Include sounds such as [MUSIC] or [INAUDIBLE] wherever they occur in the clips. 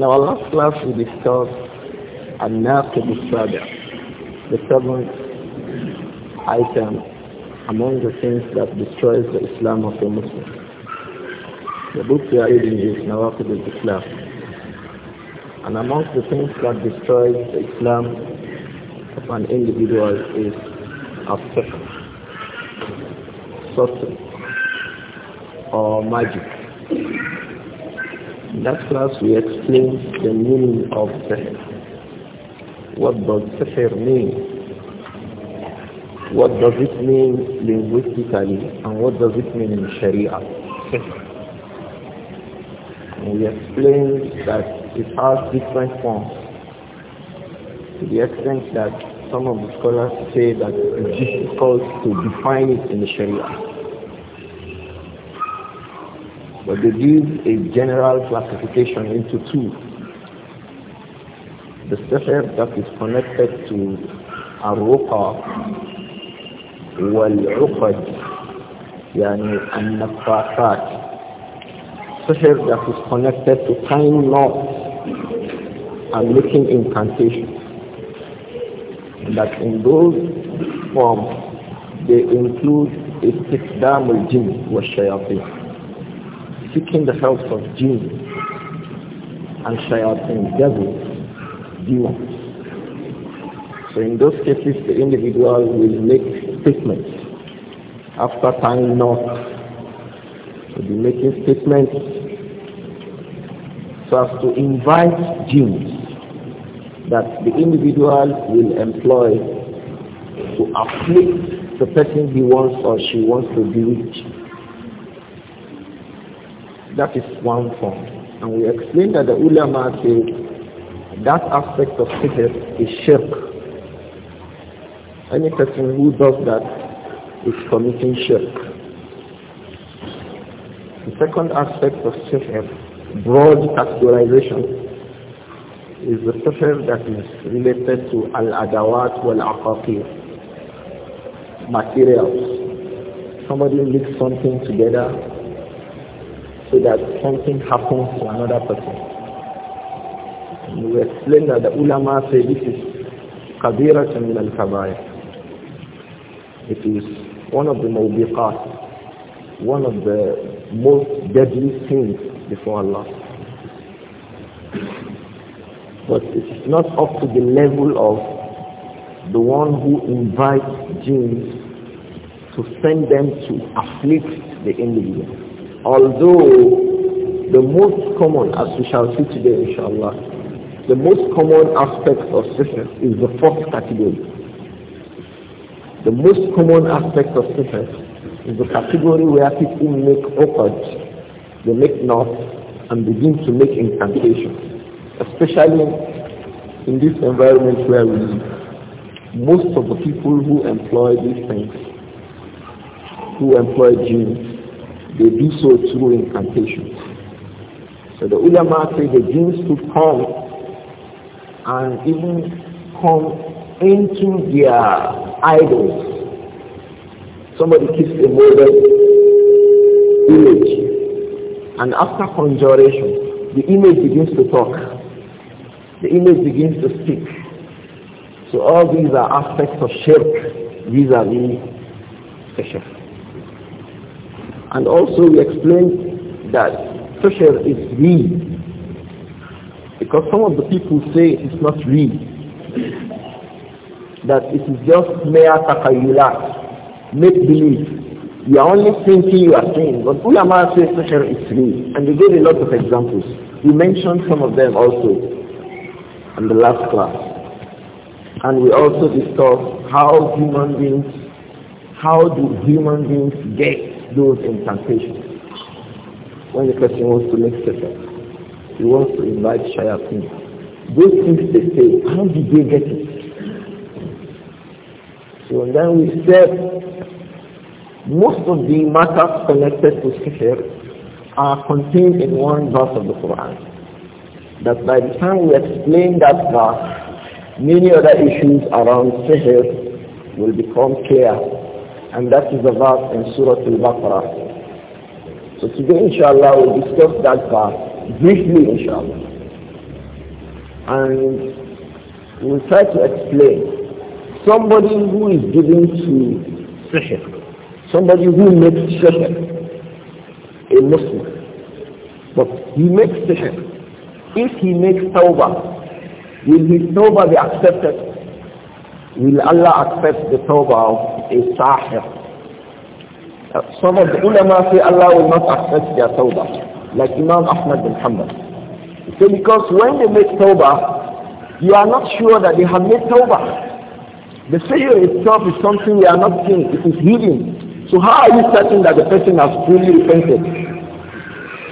In our last class, we discussed An-Naqib al-Sabi', the seventh item among the things that destroys the Islam of the Muslim. The book we are reading is Nawaqib al-Islam. And amongst the things that destroys the Islam of an individual is al sorcery, or magic. Last class we explained the meaning of sihr. What does sihr mean? What does it mean linguistically and what does it mean in Sharia? we explained that it has different forms to the extent that some of the scholars say that it is difficult to define it in the Sharia. But they give a general classification into two. The stafir that is connected to الرقى والعقد يعني النفاثات سحر that is connected to time knots and making incantations that in those forms they include استخدام wa والشياطين seeking the help of jinn and shayateen, devil demons. So in those cases, the individual will make statements. After time not will be making statements so as to invite jinns that the individual will employ to afflict the person he wants or she wants to bewitch. That is one form. And we explained that the ulama say that aspect of shirk is shirk. Any person who does that is committing shirk. The second aspect of shirk, broad categorization, is the sihr that is related to al-adawat wal-aqaqir, materials. Somebody mixes something together so that something happens to another person. And we explain that the ulama say this is kabiratun min al-kabair. It is one of the mawbiqat, one of the most deadly sins before Allah. But it's not up to the level of the one who invites jinns to send them to afflict the individual. Although the most common, as we shall see today inshallah, the most common aspect of sickness is the fourth category. The most common aspect of sickness is the category where people make efforts, they make knots and begin to make incantations, especially in this environment where we live most of the people who employ these things, who employ genes, they do so through incantations. So the ulama say the jinns to come and even come into their idols. Somebody keeps a molded image and after conjuration, the image begins to talk. The image begins to speak. So all these are aspects of shirk vis-a-vis the shirk. And also we explained that social is real. Because some of the people say it is not real. That it is just mere takayula, make believe. You are only thinking you are saying. But ulama says social is real. And we gave a lot of examples. We mentioned some of them also in the last class. And we also discussed how human beings, how do human beings get those incantations. When the person wants to make setup, he wants to invite shayatin. Those things they say, how did they get it? So then we said, most of the matters connected to sihr are contained in one verse of the Quran. That by the time we explain that verse, many other issues around sihr will become clear and that is the verse in Surah Al-Baqarah. So today, inshallah, we'll discuss that part briefly, inshallah. And we'll try to explain. Somebody who is given to sihr, somebody who makes sihr, a Muslim, but he makes sihr. If he makes tawbah, will his tawbah be accepted? Will Allah accept the tawbah a sahir. some of the ulama say Allah will not accept their tawbah, like Imam Ahmad bin Hanbal. So because when they make tawbah, you are not sure that they have made tawbah. The failure itself is something we are not seeing, it is hidden. So how are you certain that the person has fully repented?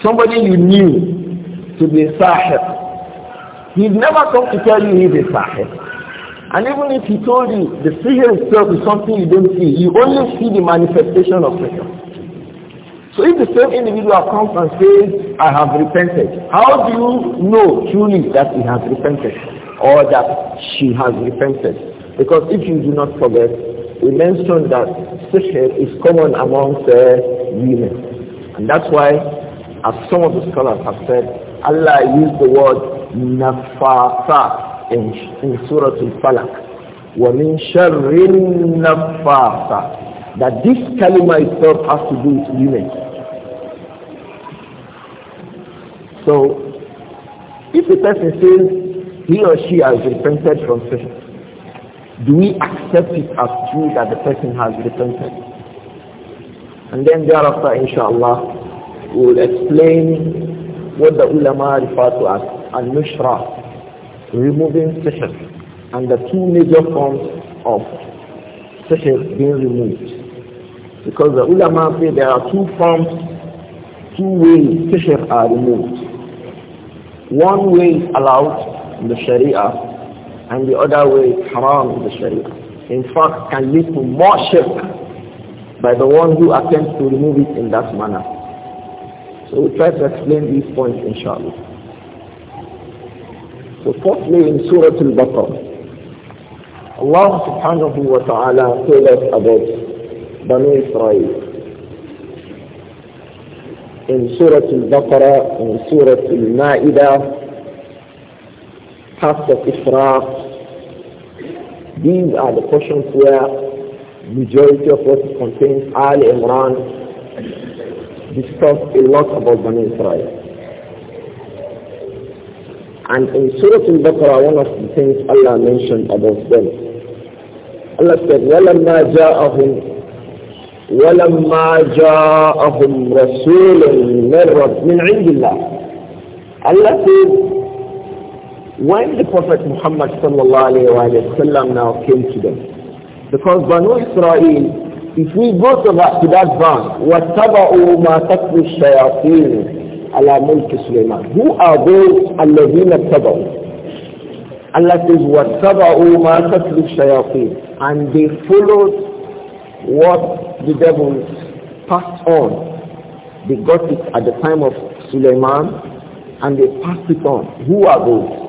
Somebody you knew to be a sahib. He's never come to tell you he's a sahib. And even if he told you the figure itself is something you don't see, you only see the manifestation of prayer. So if the same individual comes and says, I have repented, how do you know truly that he has repented or that she has repented? Because if you do not forget, we mentioned that sihr is common amongst uh, women. And that's why, as some of the scholars have said, Allah used the word nafasa in, Surah Al-Falaq. وَمِن شَرِّ النَّفَّاسَ That this kalima itself has to do with women. So, if the person says he or she has repented from sin, do we accept it as true that the person has repented? And then thereafter, inshallah, we will explain what the ulama refer to as al-nushra, removing sihr and the two major forms of sihr being removed. Because the ulama say there are two forms, two ways sihr are removed. One way is allowed in the sharia and the other way is haram in the sharia. In fact, can lead to more shirk by the one who attempts to remove it in that manner. So we try to explain these points inshallah. وفصل Surah Al-Baqarah. Allah subhanahu wa ta'ala told us about Banu Israel. In Surah Al-Baqarah, in Surah Al-Ma'idah, parts Israq, these are the questions where majority of what contains Ali Imran discussed a lot about Bani Israel. And in Surah Al-Baqarah, one of the things Allah mentioned about them, Allah said, وَلَمَّا جَاءَهُمْ وَلَمَّا جَاءَهُمْ رَسُولٌ مِنْ رَبِّ مِنْ عِنْدِ اللَّهِ Allah said, when the Prophet Muhammad sallallahu alayhi wa sallam now came to them, because Banu Israel, if we go to that, to that verse, وَاتَّبَعُوا مَا تَتْلُو الشَّيَاطِينُ ala mulki Sulaiman. Who are those alladhina tabau? says, وَاتَّبَعُوا مَا تَتْلُو الشَّيَاطِينَ And they followed what the devils passed on. They got it at the time of Sulaiman and they passed it on. Who are those?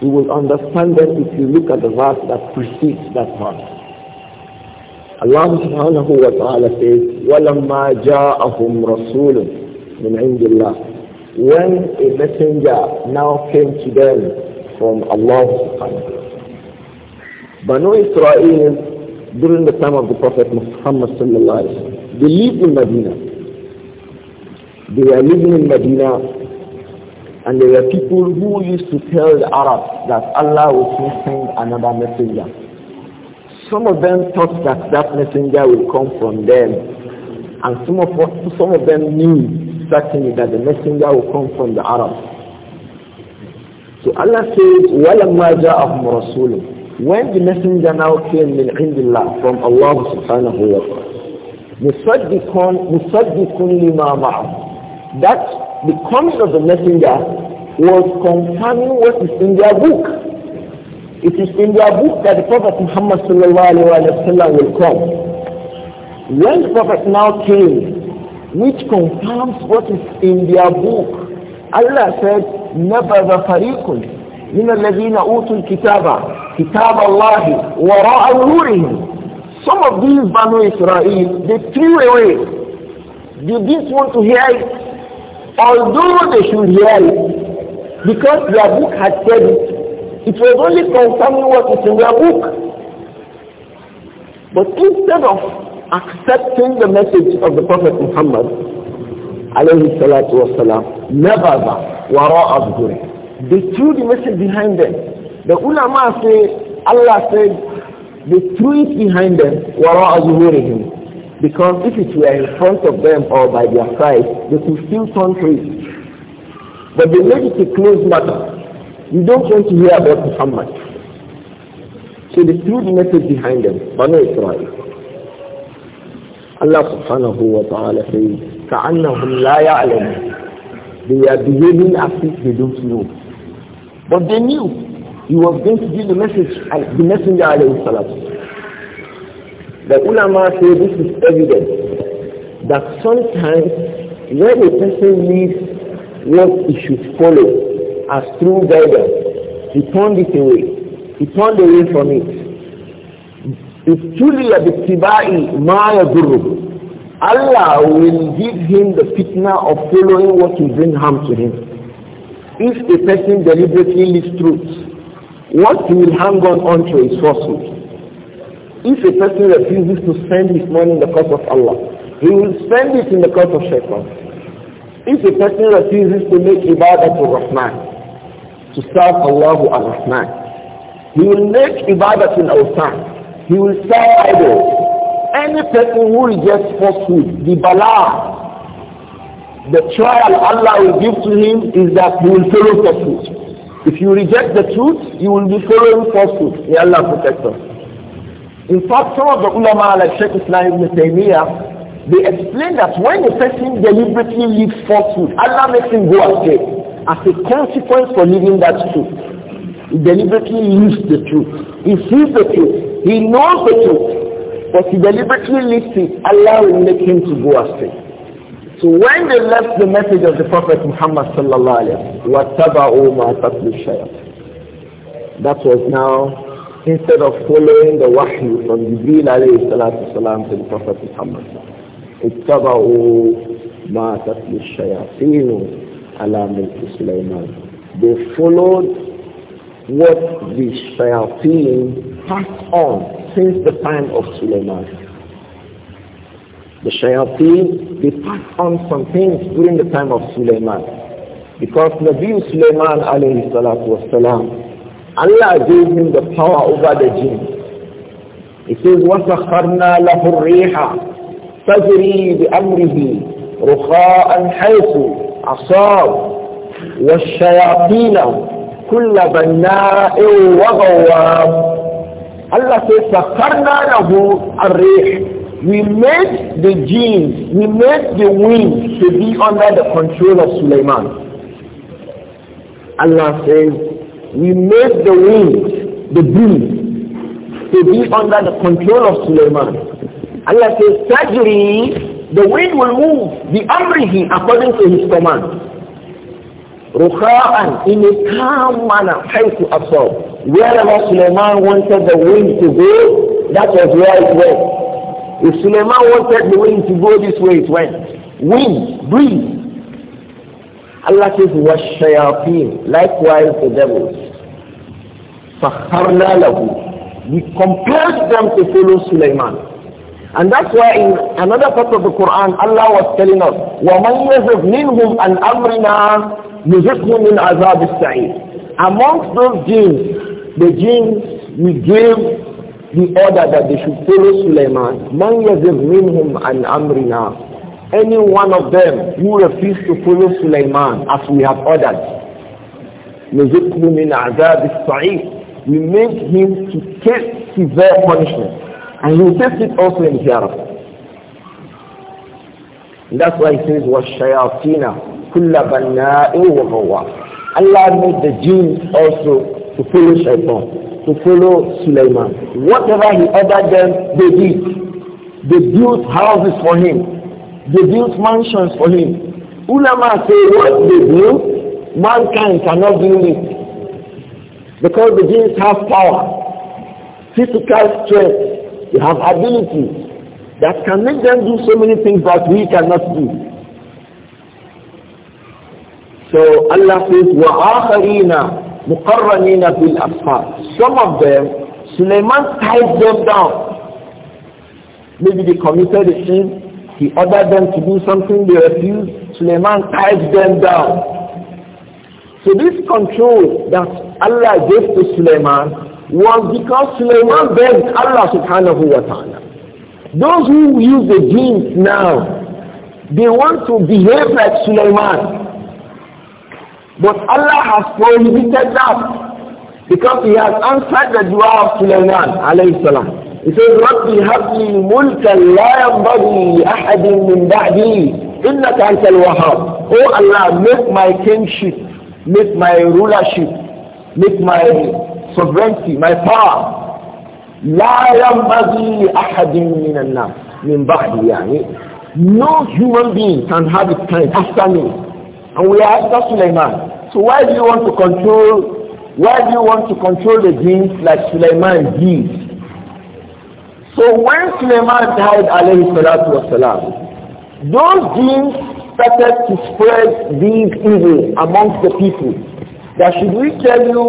You will understand that if you look at the verse that precedes that verse. Allah subhanahu wa ta'ala says, وَلَمَّا جَاءَهُمْ رَسُولٌ min indillah. When a messenger now came to them from Allah subhanahu Banu Israel, during the time of the Prophet Muhammad sallallahu alayhi wa sallam, they lived in Medina. They were living in Medina and there were people who used to tell the Arabs that Allah will soon send another messenger. Some of them thought that that messenger will come from them and some of, some of them knew certainly that the messenger will come from the Arabs. So Allah says, وَلَمَّا جَاءَهُمْ رَسُولٌ When the messenger now came من عند الله, from Allah subhanahu wa ta'ala, مُصَدِّقٌ لِمَا مَعَهُ That the coming of the messenger was confirming what is in their book. It is in their book that the Prophet Muhammad sallallahu alayhi wa sallam will come. When the Prophet now came, which confirms what is in their book. Allah said, نَبَذَ فَرِيقٌ مِنَ الَّذِينَ أُوتُوا الْكِتَابَ كِتَابَ اللَّهِ وَرَاءَ ظُهُورِهِمْ Some of these Banu Israel, they threw away. They didn't want to hear it, although they should hear it, because their book had said it. It was only confirming what is in their book. But instead of accepting the message of the Prophet Muhammad alayhi salatu wasalam nababa wara abduri. They threw the message behind them. The ulama say, Allah said, they threw it behind them wara him. Because if it were in front of them or by their side, they could still turn to it. But they made it a closed matter. You don't want to hear about Muhammad. So they threw the message behind them, Banu Israel. Allah subhanahu wa ta'ala لَا They are behaving as if they don't know. But they knew he was going to give the message, the messenger alayhi salatu. The ulama say this is evident that sometimes when a person leaves what he should follow as true guidance, he turned it away. He turned away from it. ابتلي باتباع ما guru, Allah will give him the fitna of following what will bring harm to him. If a person deliberately leaves truth, what he will hang on onto is falsehood. If a person refuses to spend his money in the cause of Allah, he will spend it in the cause of shaitan. If a person refuses to make ibadah to Rahman, to serve Allah al-Rahman, he will make ibadah to al time he will serve idols. Any person who rejects falsehood, the bala, the trial Allah will give to him is that he will follow falsehood. If you reject the truth, you will be following falsehood. May Allah protect us. In fact, some of the ulama like Sheikh Islam ibn Taymiyyah, they explain that when a person deliberately lives falsehood, Allah makes him go astray as a consequence for living that truth deliberately leaves the truth. He sees the truth. He knows the truth. But he deliberately leaves it. Allah will make him to go astray. So when they left the message of the Prophet Muhammad sallallahu alaihi wasallam, that was now instead of following the wahyu from Jibreel alayhi salatu salam to the Prophet Muhammad اتبعوا ما تتلو الشياطين على ملك سليمان they followed what the shayateen passed on since the time of Suleiman. The shayateen, they passed on some things during the time of Suleiman. Because Nabi Suleiman alayhi salatu wasalam, Allah gave him the power over the jinn. It says, وَسَخَّرْنَا لَهُ الرِّيحَ تَجْرِي بِأَمْرِهِ رُخَاءً حَيْثُ أَصَابَ وَالشَّيَاطِينَ كل بناء وغوام Allah says سخرنا له الريح we made the genes, we made the wind to be under the control of Sulaiman. Allah says, we made the wind, the breeze, to be under the control of Sulaiman. Allah says, Tajri, the wind will move, the amrihi, according to his command. Rukha'an, in a calm manner, to absorb. Wherever Suleiman wanted the wind to go, that was where it went. If Suleiman wanted the wind to go this way, it went. Wind, breeze. Allah says, وَالشَّيَاطِينَ Likewise the devils. فَخَرْنَا لَهُ We compelled them to follow Suleiman. And that's why in another part of the Quran, Allah was telling us, وَمَنْ يَزَفْ مِنْهُمْ أَنْ أَمْرِنَا Yuzukhu min azab sa'id. Amongst those jinns, the jinns we gave the order that they should follow Suleiman. Man yazib minhum an amrina. Any one of them who refused to follow Suleiman as we have ordered. Yuzukhu min azab sa'id. We make him to take severe punishment. And he takes it also in hereafter. That's why he says, was وَالشَّيَاطِينَ kulla banna'in wa Allah made the jinn also to follow Shaitan, to follow Sulaiman. Whatever he ordered them, they did. They built houses for him. They built mansions for him. Ulama say what they built, mankind cannot build it. Because the jinn have power, physical strength, they have ability that can make them do so many things that we cannot do. So Allah says, وَآخَرِينَ مُقَرَّنِينَ بِالْأَصْفَارِ Some of them, Suleiman tied them down. Maybe they committed a sin. He ordered them to do something they refused. Suleiman tied them down. So this control that Allah gave to Suleiman was because Suleiman begged Allah subhanahu wa ta'ala. Those who use the genes now, they want to behave like Suleiman. But Allah has prohibited that because He has answered the dua of Sulaiman alayhi salam. He says, رَبِّ هَبْ لِي مُلْكًا لَا يَنْبَغِي أَحَدٍ مِّن بَعْدِي إِنَّكَ أَنْتَ الْوَهَابِ Oh Allah, make my kingship, make my rulership, make my sovereignty, my power. لا ينبغي أحد من الناس من بعدي يعني no human being can have it after me and we are after Sulaiman. So why do you want to control, why do you want to control the genes like Sulaiman did? So when Sulaiman died, alayhi salatu wasalam, those genes started to spread these evil amongst the people. That should we tell you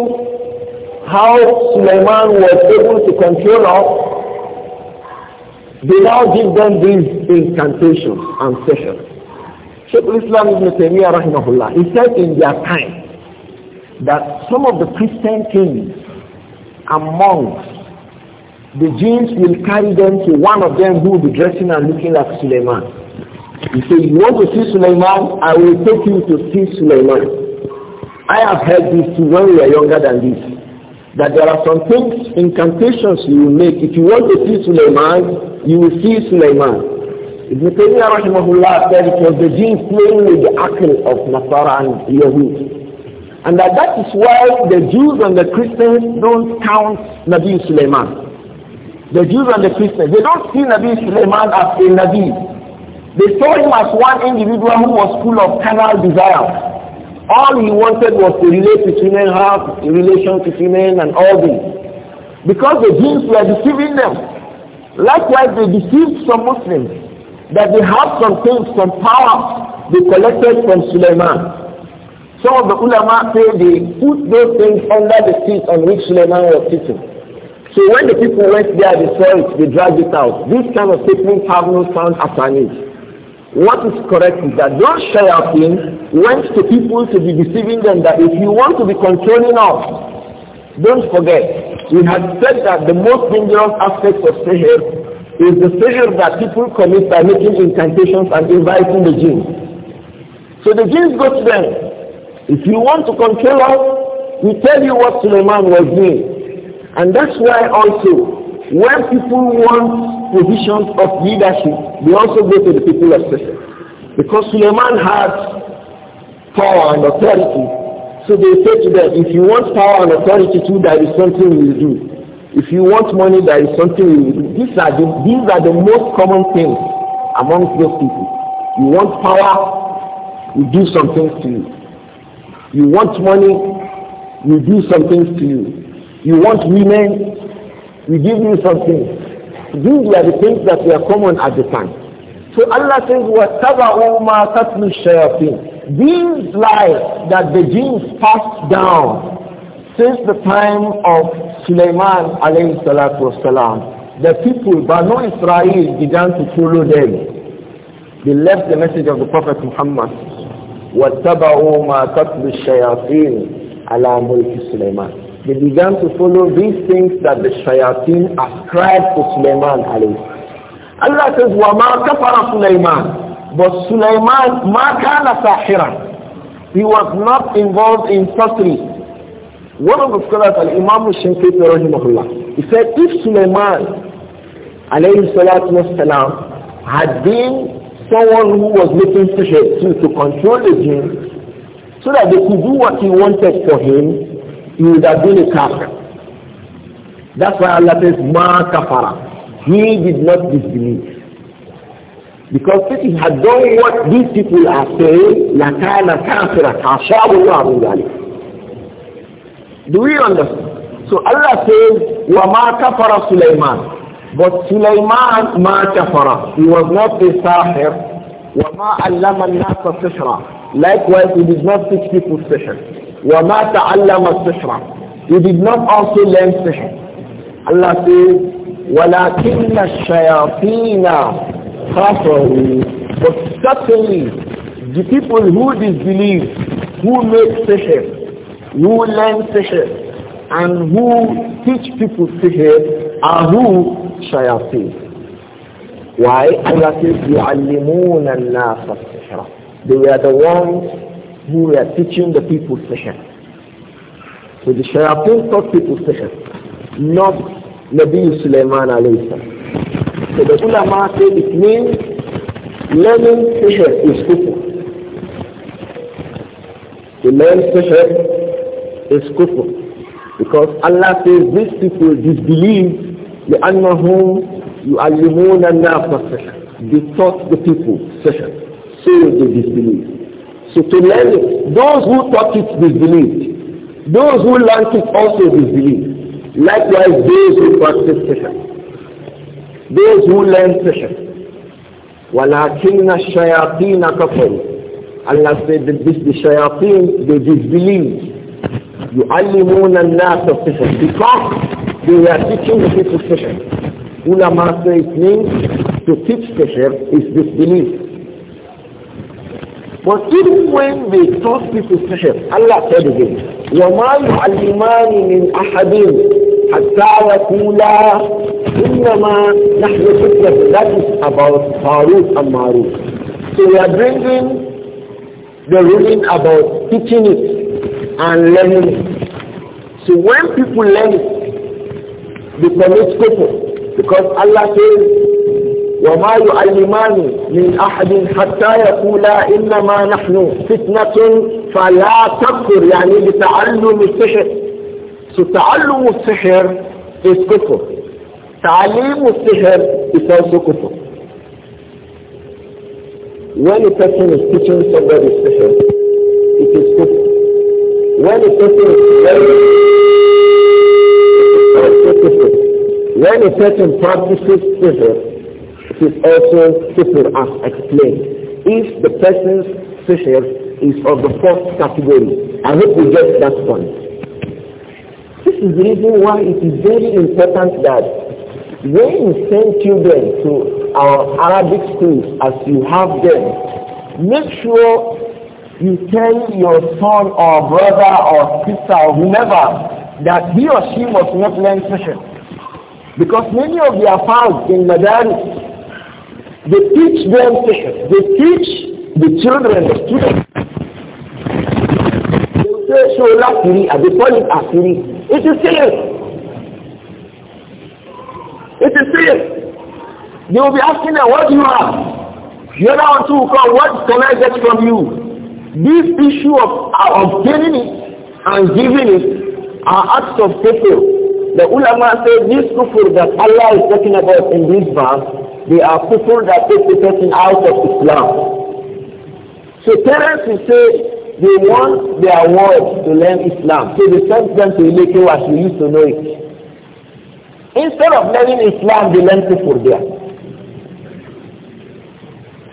how Sulaiman was able to control us? They now give them these incantations and sessions. Shaykh Islam Ibn Taymiyyah rahimahullah, he said in their time that some of the Christian kings among the jinns will carry them to one of them who will be dressing and looking like Suleiman. He said, you want to see Suleiman? I will take you to see Suleiman. I have heard this too when we are younger than this. That there are some things, incantations you will make. If you want to see Suleiman, you will see Suleiman. Ibn Taymiyyah rahimahullah said it was the Jews playing with the akil of Nasara and Yahud. And that, that is why the Jews and the Christians don't count Nabi Sulaiman. The Jews and the Christians, they don't see Nabi Sulaiman as a Nabi. They saw him as one individual who was full of carnal desire. All he wanted was to relate with women, have relation with women and all this. Because the Jews were deceiving them. Likewise, they deceived some Muslims that they have some things, some power they collected from Suleiman. Some of the ulama say they put those things under the seat on which Suleiman was sitting. So when the people went there, they saw it, they dragged it out. These kind of statements have no sound attorneys. What is correct is that those shayateen went to people to be deceiving them that if you want to be controlling us, don't forget, we had said that the most dangerous aspect of sihr is the failure that people commit by making incantations and inviting the jinn. So the jinn go to them. If you want to control us, we tell you what Suleiman was doing. And that's why also, when people want positions of leadership, they also go to the people of Sesame. Because Suleiman had power and authority. So they say to them, if you want power and authority too, there is something we will do. If you want money, there is something you These are the, these are the most common things among those people. You want power, we do some things to you. You want money, we do some things to you. You want women, we give you something. These are the things that were common at the time. So Allah says, وَاتَّبَعُوا مَا تَتْلُ الشَّيَاطِينَ These lies that the Jews passed down Since the time of Sulaiman alayhi salatu wasalam, the people, Banu Israel, began to follow them. They left the message of the Prophet Muhammad. وَاتَّبَعُوا مَا تَتْلُ الشَّيَاطِينُ عَلَى مُلْكِ سُلَيْمَانَ they began to follow these things that the shayateen ascribed to Sulaiman alayhi. Allah says, وَمَا كَفَرَ Sulaiman. But Sulaiman, مَا كَانَ سَاحِرًا. He was not involved in sorcery. One of the scholars, Al-Imam Shinkiti he said, if Sulaiman alayhi salatu wasalam had been someone who was making sihr to, to control the jinn so that they could do what he wanted for him, he would have been a kafir. That's why Allah says, ma kafara. He did not disbelieve. Because if he had done what these people are saying, لَكَانَ كَافِرًا عَشَابُ اللَّهُ مِنْ ذَلِكَ do we understand? So Allah says, وَمَا كَفَرَ سُلَيْمَانَ But Sulaiman مَا كَفَرَ He was not a sahir. وَمَا أَلَّمَ النَّاسَ سِحْرًا Likewise, he did not teach people sihr. وَمَا تَعَلَّمَ السِحْرًا He did not also learn sihr. Allah says, وَلَكِنَّ الشَّيَاطِينَ خَفَرُوا But certainly, the people who disbelieve, who make sihr, who learn sihr and who teach people sihr are who shayateen. Why? Allah says, They are the ones who are teaching the people sihr. So the shayateen taught people sihr, not Nabi Sulaiman alayhi So the ulama say it means learning sihr is kufr. To learn sihr is kufr. Because Allah says these people disbelieve لأنهم يعلمون الناس السحر. They taught the people session. So they disbelieve. So to learn it, those who taught it disbelieved. Those who learned it also disbelieved. Likewise, those who practice session. Those who learn session. ولكن الشياطين كفروا Allah said that this, the shayateen, they disbelieve. يعلمون الناس الصفر because they were teaching the people sihr. ما it means to teach sihr is disbelief. But even when they taught people sihr, Allah said again, وَمَا يُعَلِّمَانِ مِنْ أَحَدٍ حتى وكولا إنما نحن فتنة that is about Harut and Marut. So we are bringing the ruling about teaching it and learning it. So when people learn it, they commit people because Allah says, وما يعلمان من أحد حتى يقولا إنما نحن فتنة فلا تكفر يعني بتعلم السحر. So تعلم السحر is kufr. تعليم السحر is also kufr. When a person is teaching somebody السحر it is kufr. when a person when a person practices sifr, it is also sifr as explained. If the person's sifr is of the fourth category, I hope we get that point. This is the reason why it is very important that when you send children to our Arabic schools as you have them, make sure you tell your son or brother or sister or whomever that he or she must not learn Persian. Because many of their fathers in Madaris, they teach them Persian. They teach the children, the students. They say, Shola Siri, and they call it Asiri. It is serious. It is serious. They will be asking them, what do you have? The are one too come, what can I get from you? This issue of uh, obtaining it and giving it are acts of kufr. The ulama say this kufr that Allah is talking about in this verse, they are kufr that take the person out of Islam. So parents will say they want their words to learn Islam. So they send them to Ileke as we used to know it. Instead of learning Islam, they learn kufr there.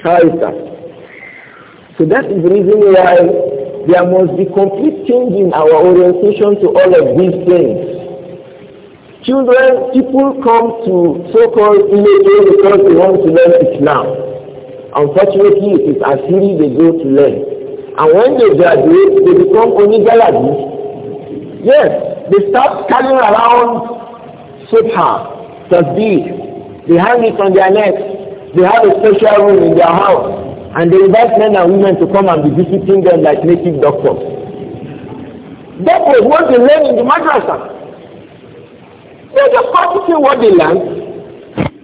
How is that? So that is the reason why there must be complete change in our orientation to all of these things. Children, people come to so-called images because they want to learn Islam. Unfortunately, it is as Asiri they go to learn. And when they graduate, they become only Galadi. Yes, they start carrying around Sopha, Tasbih. They hang it on their necks. They have a special room in their house. And they invite men and women to come and be visiting them like native doctors. That was what they learned in the madrasa. They're just practicing what they learned.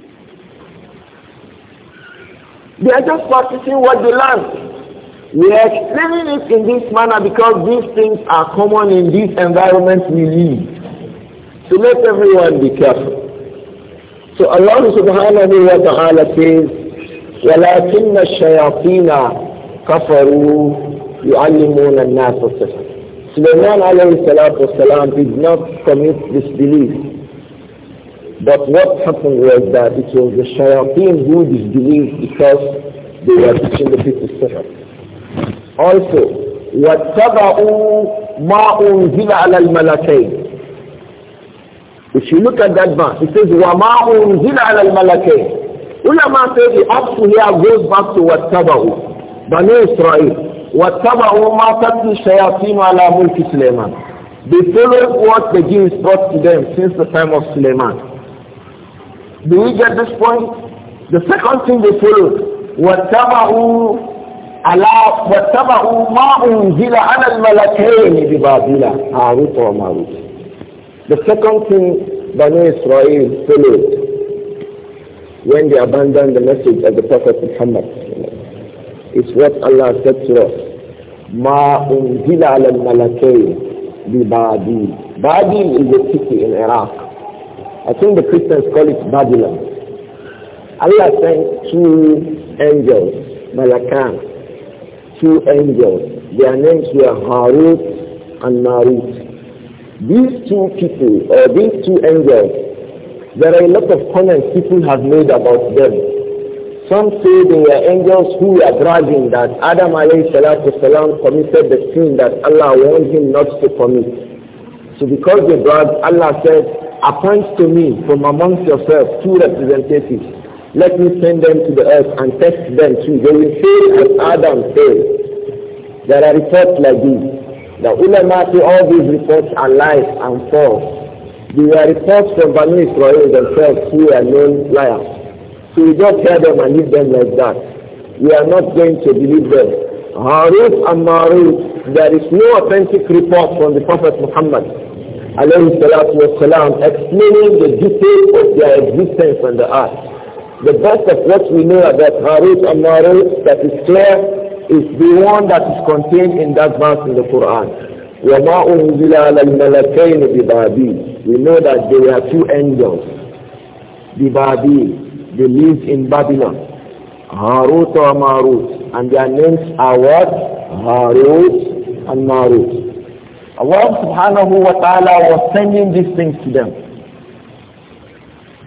They are just practicing what they learned. We are explaining it in this manner because these things are common in this environment we live. So let everyone be careful. So Allah subhanahu wa ta'ala says, ولكن الشياطين كفروا يعلمون الناس السحر Sulaiman عليه الصلاه والسلام did not commit this belief But what happened was that it was the shayateen who disbelieved because they were teaching the people sihr. Also, وَاتَّبَعُوا مَا أُنْزِلَ عَلَى الْمَلَكَيْنِ If you look at that verse, it says وَمَا أُنْزِلَ عَلَى الْمَلَكَيْنِ Ulama say the up here goes back to what Tabahu, Banu Israel. What Tabahu matatu shayatin ala mulki Suleiman. They followed what the Jews brought to them since the time of Suleiman. Do we get this point? The second thing they what وَاتَّبَعُوا على واتبعوا ما أنزل على الملكين ببابل هاروت وماروت The second thing Bani Israel followed when they abandon the message of the Prophet Muhammad. It's what Allah said to us. Ma unzila al malakay bi Babil. Babil is a city in Iraq. I think the Christians call it Babylon. Allah sent two angels, malakan, two angels. Their names were Harut and Marut. These two people, or these two angels, there are a lot of comments people have made about them. Some say they were angels who were bragging that Adam salam committed the sin that Allah warned him not to commit. So because they brag, Allah said, appoint to me from amongst yourselves two representatives. Let me send them to the earth and test them too. They will fail as Adam failed. There are reports like this. The ulama say all these reports are lies and false. There were reports from Banu Israel themselves who are known liars. So we just hear them and leave them like that. We are not going to believe them. Harut and Marut, there is no authentic report from the Prophet Muhammad alayhi salatu wasalam, explaining the details of their existence on the earth. The best of what we know about Harut and Marut that is clear is the one that is contained in that verse in the Quran. وَمَا أُنزِلَ عَلَى الْمَلَكَيْنِ بِبَابِيلَ We know that there are two angels, Bibabil, they live in Babylon, Harut and Marut, and their names are what? Harut and Marut. Allah subhanahu wa ta'ala was sending these things to them.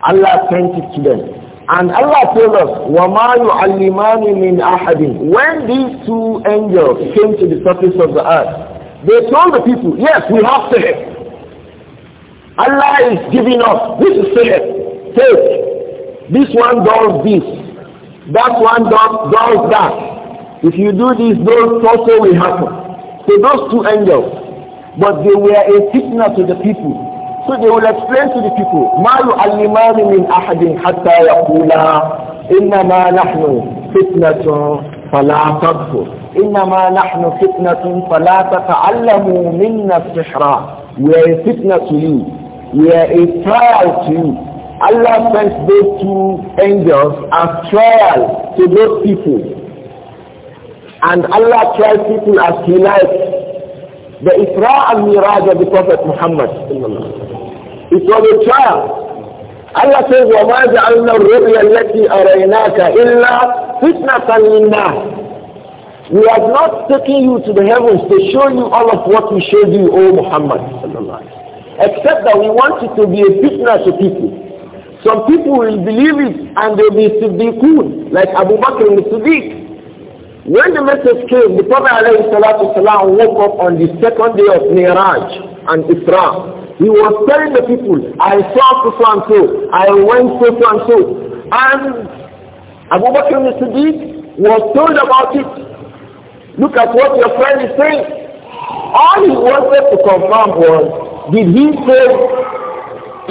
Allah sent it to them. And Allah told us, وَمَا يُعَلِّمَانِ مِنْ أَحَدٍ When these two angels came to the surface of the earth, they told the people, yes, we have sihr. Allah is giving us, this is sihr. Take. This one does this. That one does, does that. If you do this, those also will happen. So those two angels, but they were a fitna to the people. So they will explain to the people, مَا يُعَلِّمَانِ مِنْ أَحَدٍ حَتَّى يَقُولَا إِنَّمَا نَحْنُ فِتْنَةٌ فَلَا تَكْفُرُ إنما نحن فتنة فلا تتعلموا منا السحر We are a fitness to you. We are a trial to you. Allah sent those two angels as trial to those people. And Allah tried people as he liked The Isra and Miraj of the Prophet Muhammad. It was a trial. Allah says, وَمَا جَعَلْنَا الرُّؤْيَا الَّتِي أَرَيْنَاكَ إِلَّا فِتْنَةً لِلنَّاسِ We are not taking you to the heavens to show you all of what we showed you, O Muhammad. Except that we want you to be a fitna to people. Some people will believe it and they'll be cool, like Abu Bakr and Siddiq. When the message came, the Prophet ﷺ woke up on the second day of Miraj and Isra. He was telling the people, I saw so and so, I went so and so. And Abu Bakr and Siddiq was told about it Look at what your friend is saying. All he wanted to confirm was, did he say,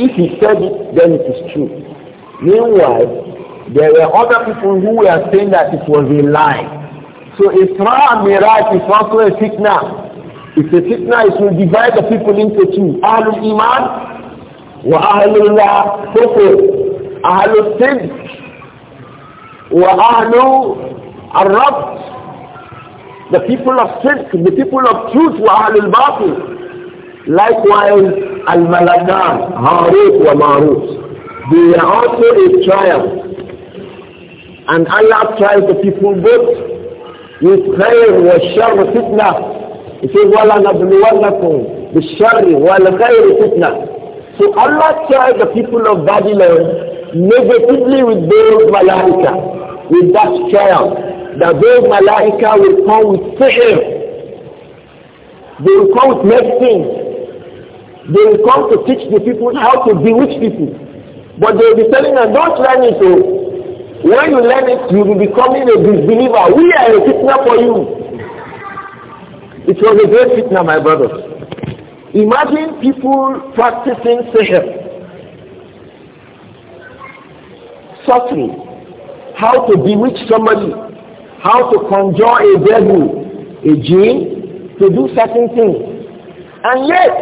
if he said it, then it is true. Meanwhile, there were other people who were saying that it was a lie. So Isra and Miraj is also a fitna. It's a fitna, it will divide the people into two. Ahlul Iman wa Ahlullah Kufr. Ahlul Sin, wa Ahlul Arab. The people of Sidq, the people of truth were Ahlul Batil. Likewise, Al-Malakan, Harut wa Marut. They are also a trial. And Allah tries the people both with khair wa shar fitna. He says, وَلَا wa بِالشَّرِّ وَالْخَيْرِ fitna. So Allah tried the people of Babylon negatively with those malaika with that child. that those malaika will come with sihr. They will come with medicine. They will come to teach the people how to bewitch people. But they will be telling them, don't learn it. So, oh. When you learn it, you will be becoming a disbeliever. We are a fitna for you. It was a great fitna, my brothers. Imagine people practicing sihr. Suffering how to bewitch somebody, how to conjure a devil, a jinn, to do certain things. And yet,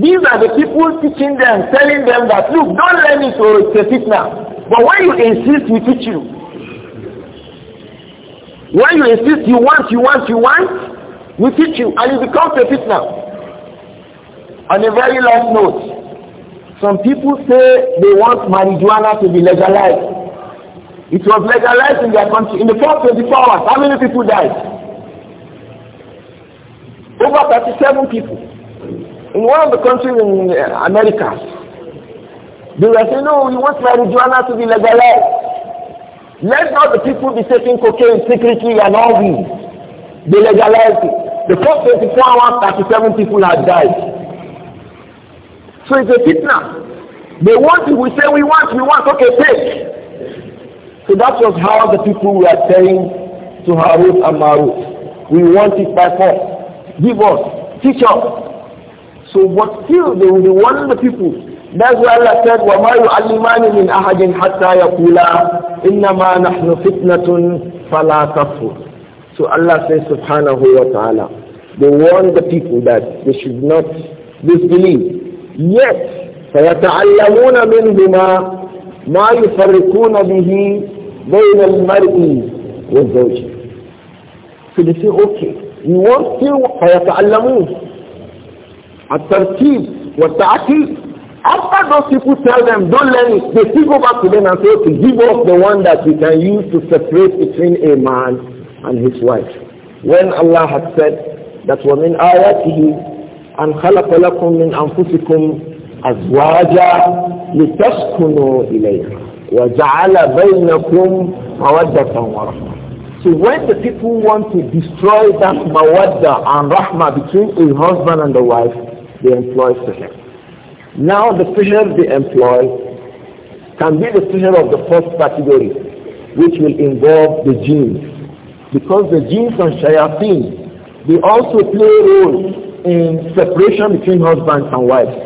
these are the people teaching them, telling them that, look, don't learn it or it's a now. But when you insist, we teach you. When you insist, you want, you want, you want, we teach you, and you become a fitna. On a very last note, some people say they want marijuana to be legalized. It was legalized in their country. In the first 24 hours, how many people died? Over 37 people. In one of the countries in uh, America, they were saying, no, we want marijuana to be legalized. Let not the people be taking cocaine secretly and all these. They legalized it. The first 24 hours, 37 people had died. So it's a fitna. They want it, we say we want, we want, okay, take. So that was how the people were saying to Harut and Marut, we want it by force. Give us. Teach us. So but still they will be warning the people. That's why Allah said, وَمَا يُعَلِّمَانِ مِنْ أَحَدٍ حَتَّى يَقُولَا إِنَّمَا نَحْنُ فِتْنَةٌ فَلَا تَكْفُرْ So Allah says subhanahu wa ta'ala, they warn the people that they should not disbelieve. Yet, فَيَتَعَلَّمُونَ مِنْهُمَا مَا يُفَرِّقُونَ بِهِ بين المرء والزوج so they say okay you want to فيتعلمون الترتيب والتعقيد after those people tell them don't learn it they still go back to them and say okay give us the one that we can use to separate between a man and his wife when Allah had said that وَمِنْ آيَاتِهِ أن خلق لكم من أنفسكم أزواجا لتسكنوا إليها وَجَعَلَ بَيْنَكُمْ مَوَدَّةً وَرَحْمَةً so when the people want to destroy that mawadda and rahma between a husband and a wife, they employ sihr. Now the sihr they employ can be the sihr of the first category, which will involve the genes Because the genes and shayateen, they also play a role in separation between husbands and wives.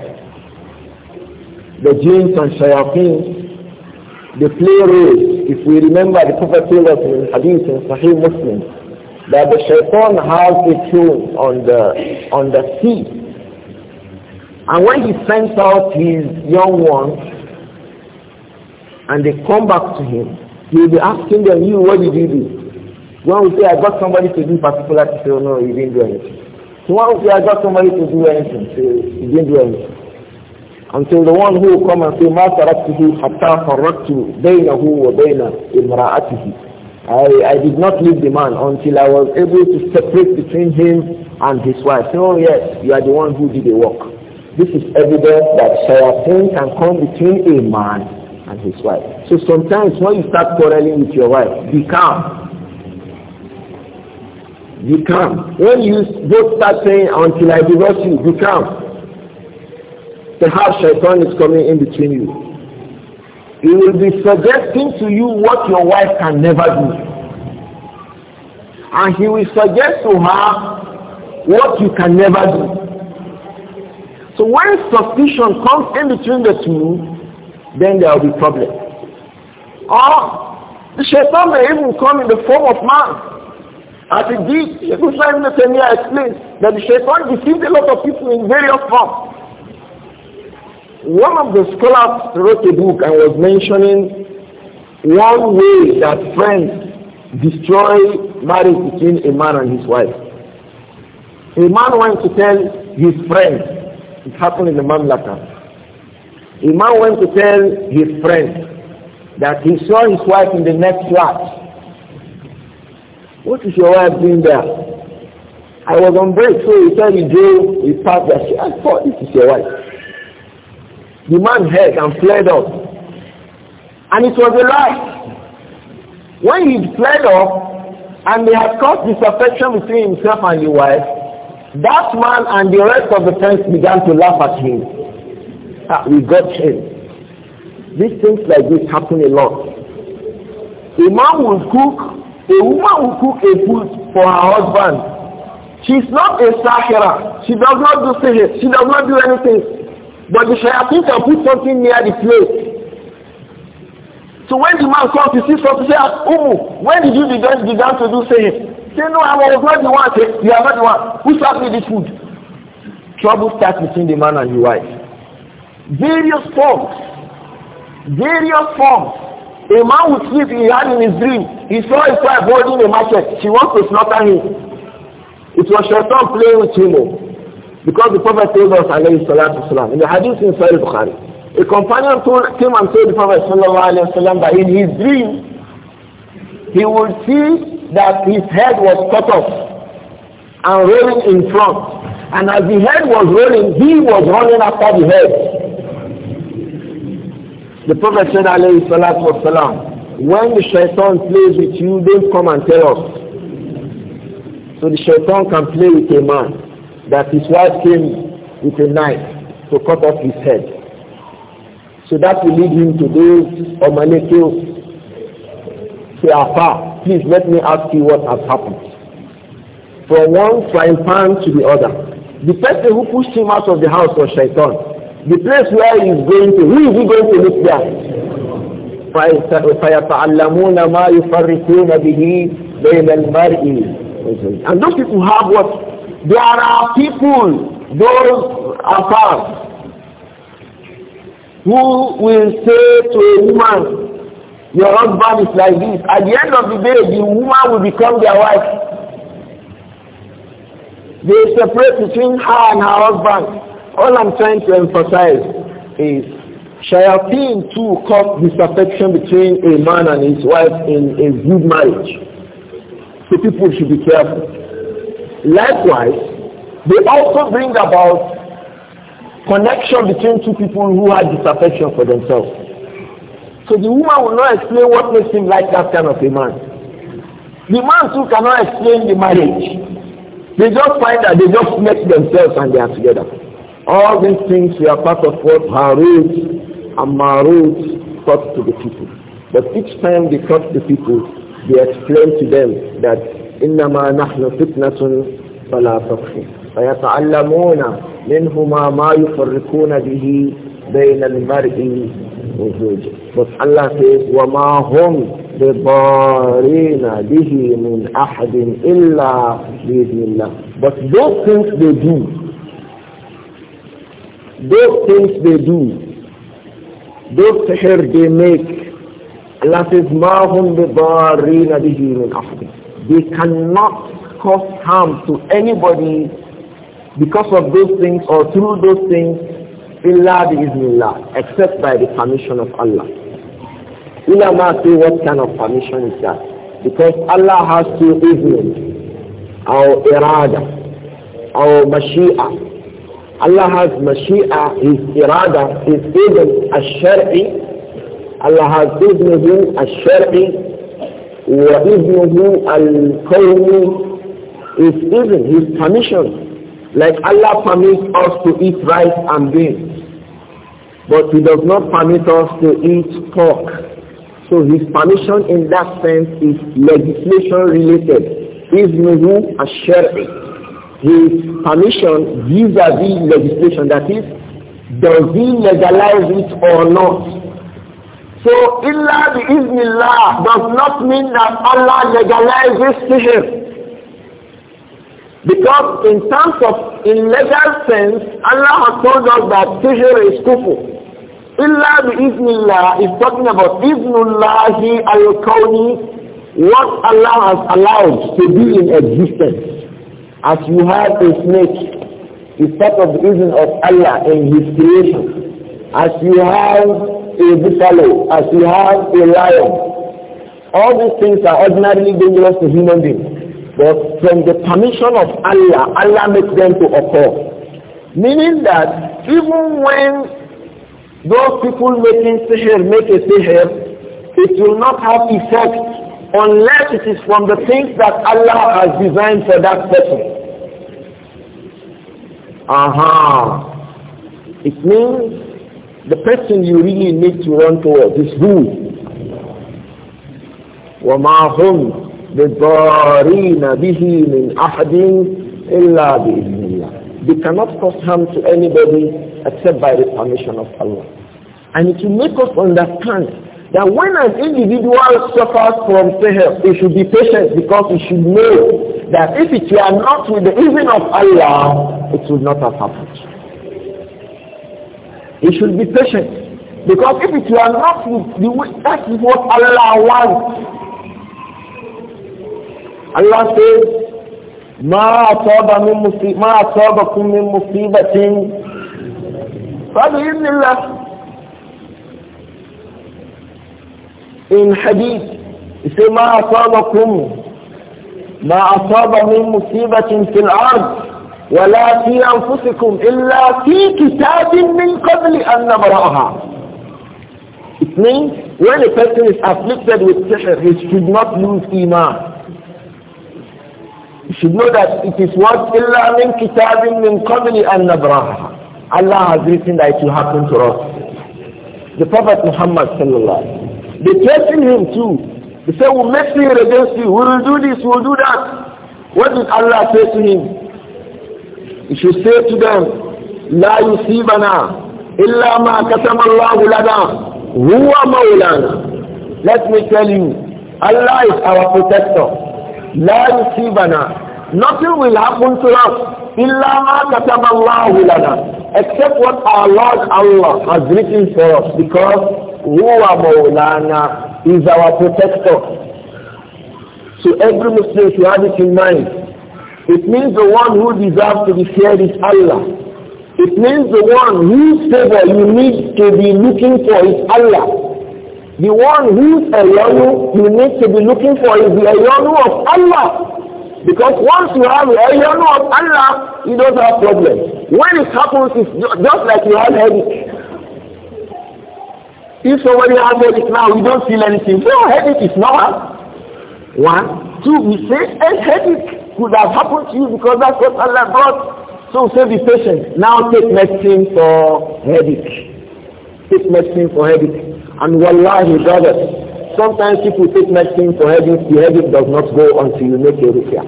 The genes and shayateen the play is, If we remember, the Prophet told us in Hadith in Sahih Muslim that the shaitan has a throne on the, on the sea. And when he sends out his young ones and they come back to him, he will be asking them, you, what did you do? One will say, I got somebody to do particular, he say, oh, no, he didn't do anything. So one will say, I got somebody to do anything, say, he didn't do anything until the one who will come and say ما تركته حتى فرقت بينه وبين امرأته I, I did not leave the man until I was able to separate between him and his wife. Say, oh yes, you are the one who did the work. This is evidence that shayateen can come between a man and his wife. So sometimes when you start quarreling with your wife, be calm you come. When you both start saying, until I divorce you, you come. Perhaps shaitan is coming in between you. He will be suggesting to you what your wife can never do. And he will suggest to her what you can never do. So when suspicion comes in between the two, then there will be problem. Or the shaitan may even come in the form of man. As it did, Sheikh Islam the Taymiyyah explains that the shaitan deceived a lot of people in various forms. One of the scholars wrote a book and was mentioning one way that friends destroy marriage between a man and his wife. A man went to tell his friend, it happened in the Mamlaka. A man went to tell his friend that he saw his wife in the next flat. What is your wife doing there? I was on break, so he said he drove, he passed that. She, I thought this is your wife. The man heard and fled off. And it was a lie. When he fled off and they had caused disaffection between himself and the wife, that man and the rest of the friends began to laugh at him. Ah, we got him. These things like this happen a lot. A man will cook, a woman will cook a food for her husband. She's not a Sahara. She does not do sihr. She does not do anything. But the shayatin can put something near the place. So when the man comes to see something, say, ah, Umu, when did you begin, began to do saying? Say, no, I was not the one. Say, you are not the one. Who served me this food? Trouble starts between the man and his wife. Various forms. Various forms. A man would sleep he had in his dream. He saw his wife holding a machete. She wants to slaughter him. It was Shaitan playing with him. Because the Prophet told us, alayhi salatu wasalam, in the hadith in Sahih Bukhari, a companion told, came and told the Prophet sallallahu alayhi wasalam that in his dream, he would see that his head was cut off and rolling in front. And as the head was rolling, he was running after the head. The Prophet said, alayhi salatu wasalam, when the shaitan plays with you, don't come and tell us. So the shaitan can play with a man that his wife came with a knife to cut off his head. So that will lead him to do Omanekeo. Say, Afa, please let me ask you what has happened. From one frying pan to the other. The person who pushed him out of the house was Shaitan. The place where he is going to, who is he going to look there? فَيَتَعَلَّمُونَ مَا يُفَرِّقُونَ بِهِ بَيْنَ الْمَرْءِ And those people have what there are people, those apart, who will say to a woman, your husband is like this. At the end of the day, the woman will become their wife. They separate between her and her husband. All I'm trying to emphasize is Shayateen too cause disaffection between a man and his wife in a good marriage. So people should be careful. Likewise, they also bring about connection between two people who had disaffection for themselves. So the woman will not explain what makes him like that kind of a man. The man too cannot explain the marriage. They just find that they just make themselves and they are together. All these things were part of what Harut and Marut taught to the people. But each time they taught the people, they explained to them that إنما نحن فتنة فلا تكفر فيتعلمون منهما ما يفرقون به بين المرء وزوجه بس الله says وما هم بضارين به من أحد إلا بإذن الله but those things they do those things they do those sihr they make Allah says ما هم بضارين به من أحد They cannot cause harm to anybody because of those things or through those things illa biiznillah except by the permission of Allah. Ulama say what kind of permission is that? Because Allah has two izn, our irada, our mashia. Allah has mashia, his irada, his izn, as shari Allah has izn, as shari وَإِذْنُهُ الْقَوْمُ is even his permission. Like Allah permits us to eat rice and beans. But he does not permit us to eat pork. So his permission in that sense is legislation related. Is a الشَّرْعِ his permission vis a -vis legislation. That is, does he legalize it or not? So, illa bi iznillah does not mean that Allah legalizes sihr. Because in terms of, in legal sense, Allah has told us that sihr is kufu. Illa bi iznillah is talking about iznullahi al-kawni, what Allah has allowed to be in existence. As you have a snake, it's part of the reason of Allah in His creation. As you have a buffalo, as we have a lion. All these things are ordinarily dangerous to human beings. But from the permission of Allah, Allah makes them to occur. Meaning that even when those people making sihr make a sihr, it will not have effect unless it is from the things that Allah has designed for that person. Aha. Uh -huh. It means the person you really need to run towards is who? وَمَا هُمْ بِضَارِينَ بِهِ مِنْ أَحَدٍ إِلَّا بِإِذْنِ اللَّهِ They cannot cause harm to anybody except by the permission of Allah. And it will make us understand that when an individual suffers from pain, he should be patient because he should know that if it were not with the evening of Allah, it would not have happened. He should be patient. Because if it were not the way, that is what Allah wants. Allah says, ما أصاب من مصيبة ما أصابكم من مصيبة فبإذن الله in hadith he say ما أصابكم ما أصاب من مصيبة في الأرض ولا في أنفسكم إلا في كتاب من قبل أن نبرأها It means when a person is afflicted with sihr, he should not lose iman. You should know that it is what إلا من كتاب من قبل أن نبرأها Allah has written that it will happen to us. The Prophet Muhammad sallallahu They threatened him too. They said, we'll make fear against you. We will do this, we will do that. What did Allah say to him? If You say to them, La yusibana illa ma katamallahu lana huwa maulana. Let me tell you, Allah is our protector. La yusibana. Nothing will happen to us illa ma katamallahu lana. Except what our Lord Allah has written for us because huwa maulana is our protector. So every Muslim should have it in mind it means the one who deserves to be feared is Allah. It means the one whose favor you need to be looking for is Allah. The one whose ayanu you need to be looking for is the ayanu of Allah. Because once you have the ayanu of Allah, you don't have problems. When it happens, it's just like you have headache. If somebody has headache now, we don't feel anything. No, headache is normal. One, two, we say, headache could have happened to you because that's what Allah brought. So say be patient. Now take medicine for headache. Take medicine for headache. And wallahi, brothers, sometimes people take medicine for headache. The headache does not go until you make your rupiah.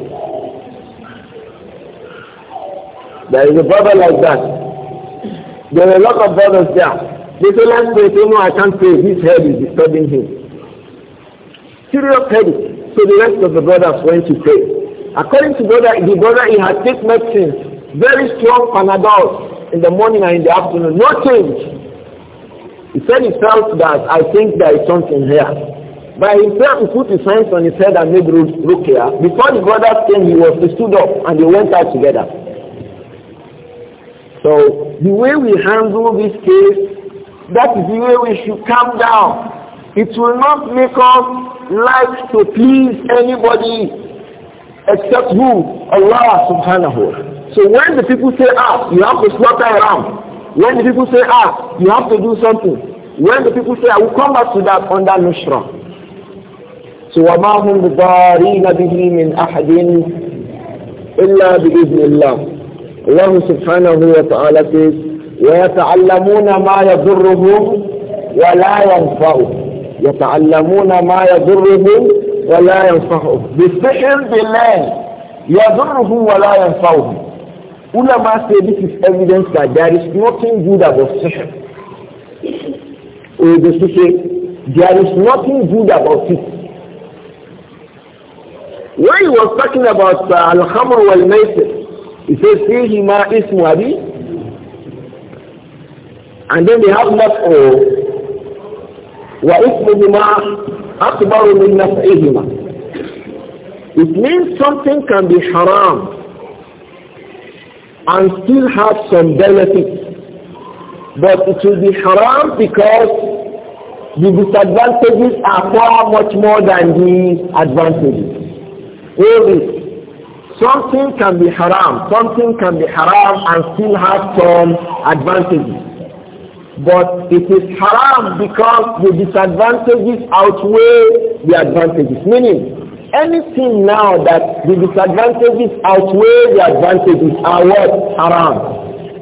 There is a brother like that. There are a lot of brothers there. They say, let's pray. no, I can't pray. His head is disturbing him. Serious headache. So the rest of the brothers went to pray. According to brother, the brother, he had taken medicines, very strong Panadol in the morning and in the afternoon. No change. He said he felt that I think there is something here. By himself, he put his hands on his head and made here. Before the brothers came, he was he stood up and they went out together. So the way we handle this case, that is the way we should calm down. It will not make us like to please anybody Except who? Allah subhanahu wa ta'ala. So when the people say, ah, you have to slaughter a ram. When the people say, ah, you have to do something. When the people say, I will come back to that under Nushra. So wa هُمْ بِضَارِينَ bihi min أَحَدٍ illa bi اللَّهِ Allah subhanahu wa ta'ala says, وَيَتَعَلَّمُونَ مَا يَضُرُّهُمْ وَلَا يَنْفَعُهُمْ يَتَعَلَّمُونَ مَا يَضُرُّهُمْ ولا ينفعه بسحر بالله يضره ولا ينفعه Ulama say this is evidence that there is nothing good about sihr. Or they say there is nothing good about it. When he was talking about uh, al-khamr wal-maisir, he says fihi ma ismu abi, and then they have left all uh, wa ismu ma أكبر من نفعهما it means something can be haram and still have some benefit. But it will be haram because the disadvantages are far much more than the advantages. Always, something can be haram, something can be haram and still have some advantages. But it is haram because the disadvantages outweigh the advantages. Meaning, anything now that the disadvantages outweigh the advantages are what? Haram.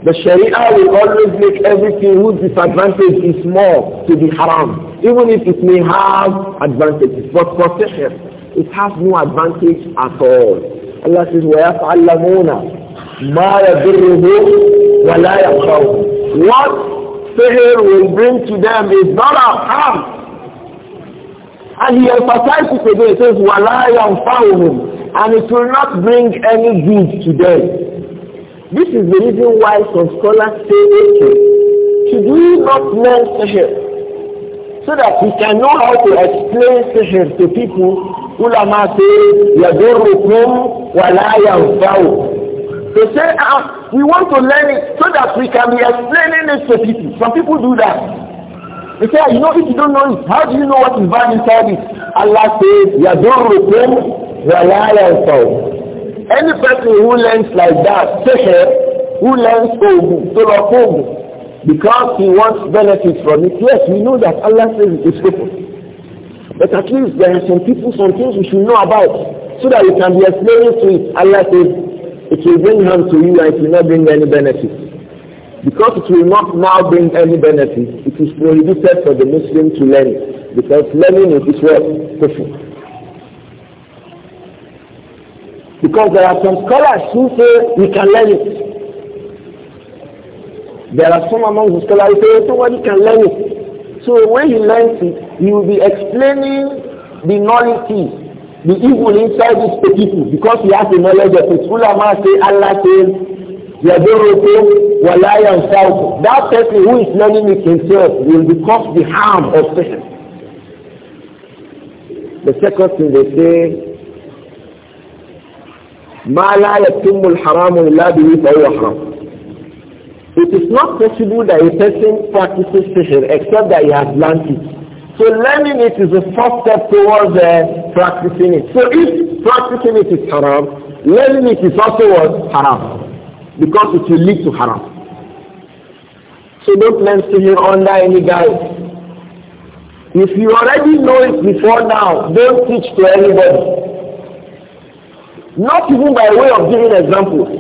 The Sharia will always make everything whose disadvantage is more to be haram, even if it may have advantages. But for sihr, it has no advantage at all. Allah says, وَيَفْعَلَّمُونَ مَا يَضِرُّهُمْ وَلَا يَنْفَعُهُمْ What Sihr will bring to them is not a harm. And he emphasizes again, he says, وَلَا يَنْفَعُهُمْ And it will not bring any good to them. This is the reason why some scholars say, okay, should we not learn Sihr? So that we can know how to explain Sihr to people. Ulama say, يَدُرُّكُمْ وَلَا يَنْفَعُهُمْ They say, ah, we want to learn it so that we can be explaining it to people. Some people do that. They say, ah, you know, if you don't know it, how do you know what is bad inside it? Allah says, يَدُرُّكُمْ وَلَا يَنْفَوْ Any person who learns like that, seher, who learns Ogu, Surah Ogu, because he wants benefits from it, yes, we know that Allah says it is open. But at least there are some people, some things we should know about so that we can be explaining to it. Allah says, it will bring harm to you and it will not bring any benefit. Because it will not now bring any benefit, it is prohibited for the Muslim to learn it. Because learning it is what? Kufr. Because there are some scholars who say we can learn it. There are some among the scholars who say nobody can learn it. So when he learns it, he will be explaining the knowledge. the evil inside is the people because he has the knowledge of it. Ulama say Allah says, Yadurukum walaya and That person who is learning it himself will become the harm of Satan. The second thing they say, ما لا يتم الحرام إلا It is not possible that a person practices sihr except that he has learned it. So learning it is the first step towards uh, practicing it. So if practicing it is haram, learning it is also what? Haram. Because it will lead to haram. So don't learn sihr under oh, any guy. If you already know it before now, don't teach to anybody. Not even by way of giving examples.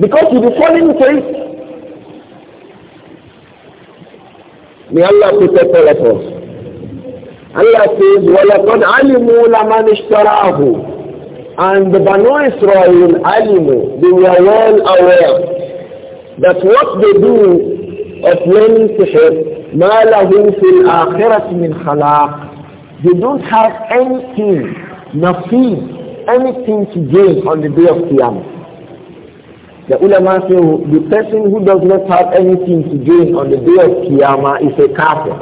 Because you'll be falling into it. May Allah protect all of us. Allah says, وَلَقَدْ عَلِمُوا لَمَنِ اشْتَرَاهُ And the Banu Israel, alimu, they were well aware that what they do of learning sihr, مَا لَهُمْ فِي الْآخِرَةِ مِنْ خَلَاقٍ They don't have anything, nothing, anything to gain on the day of Qiyamah. The ulama say the person who does not have anything to gain on the day of Qiyamah is a kafir.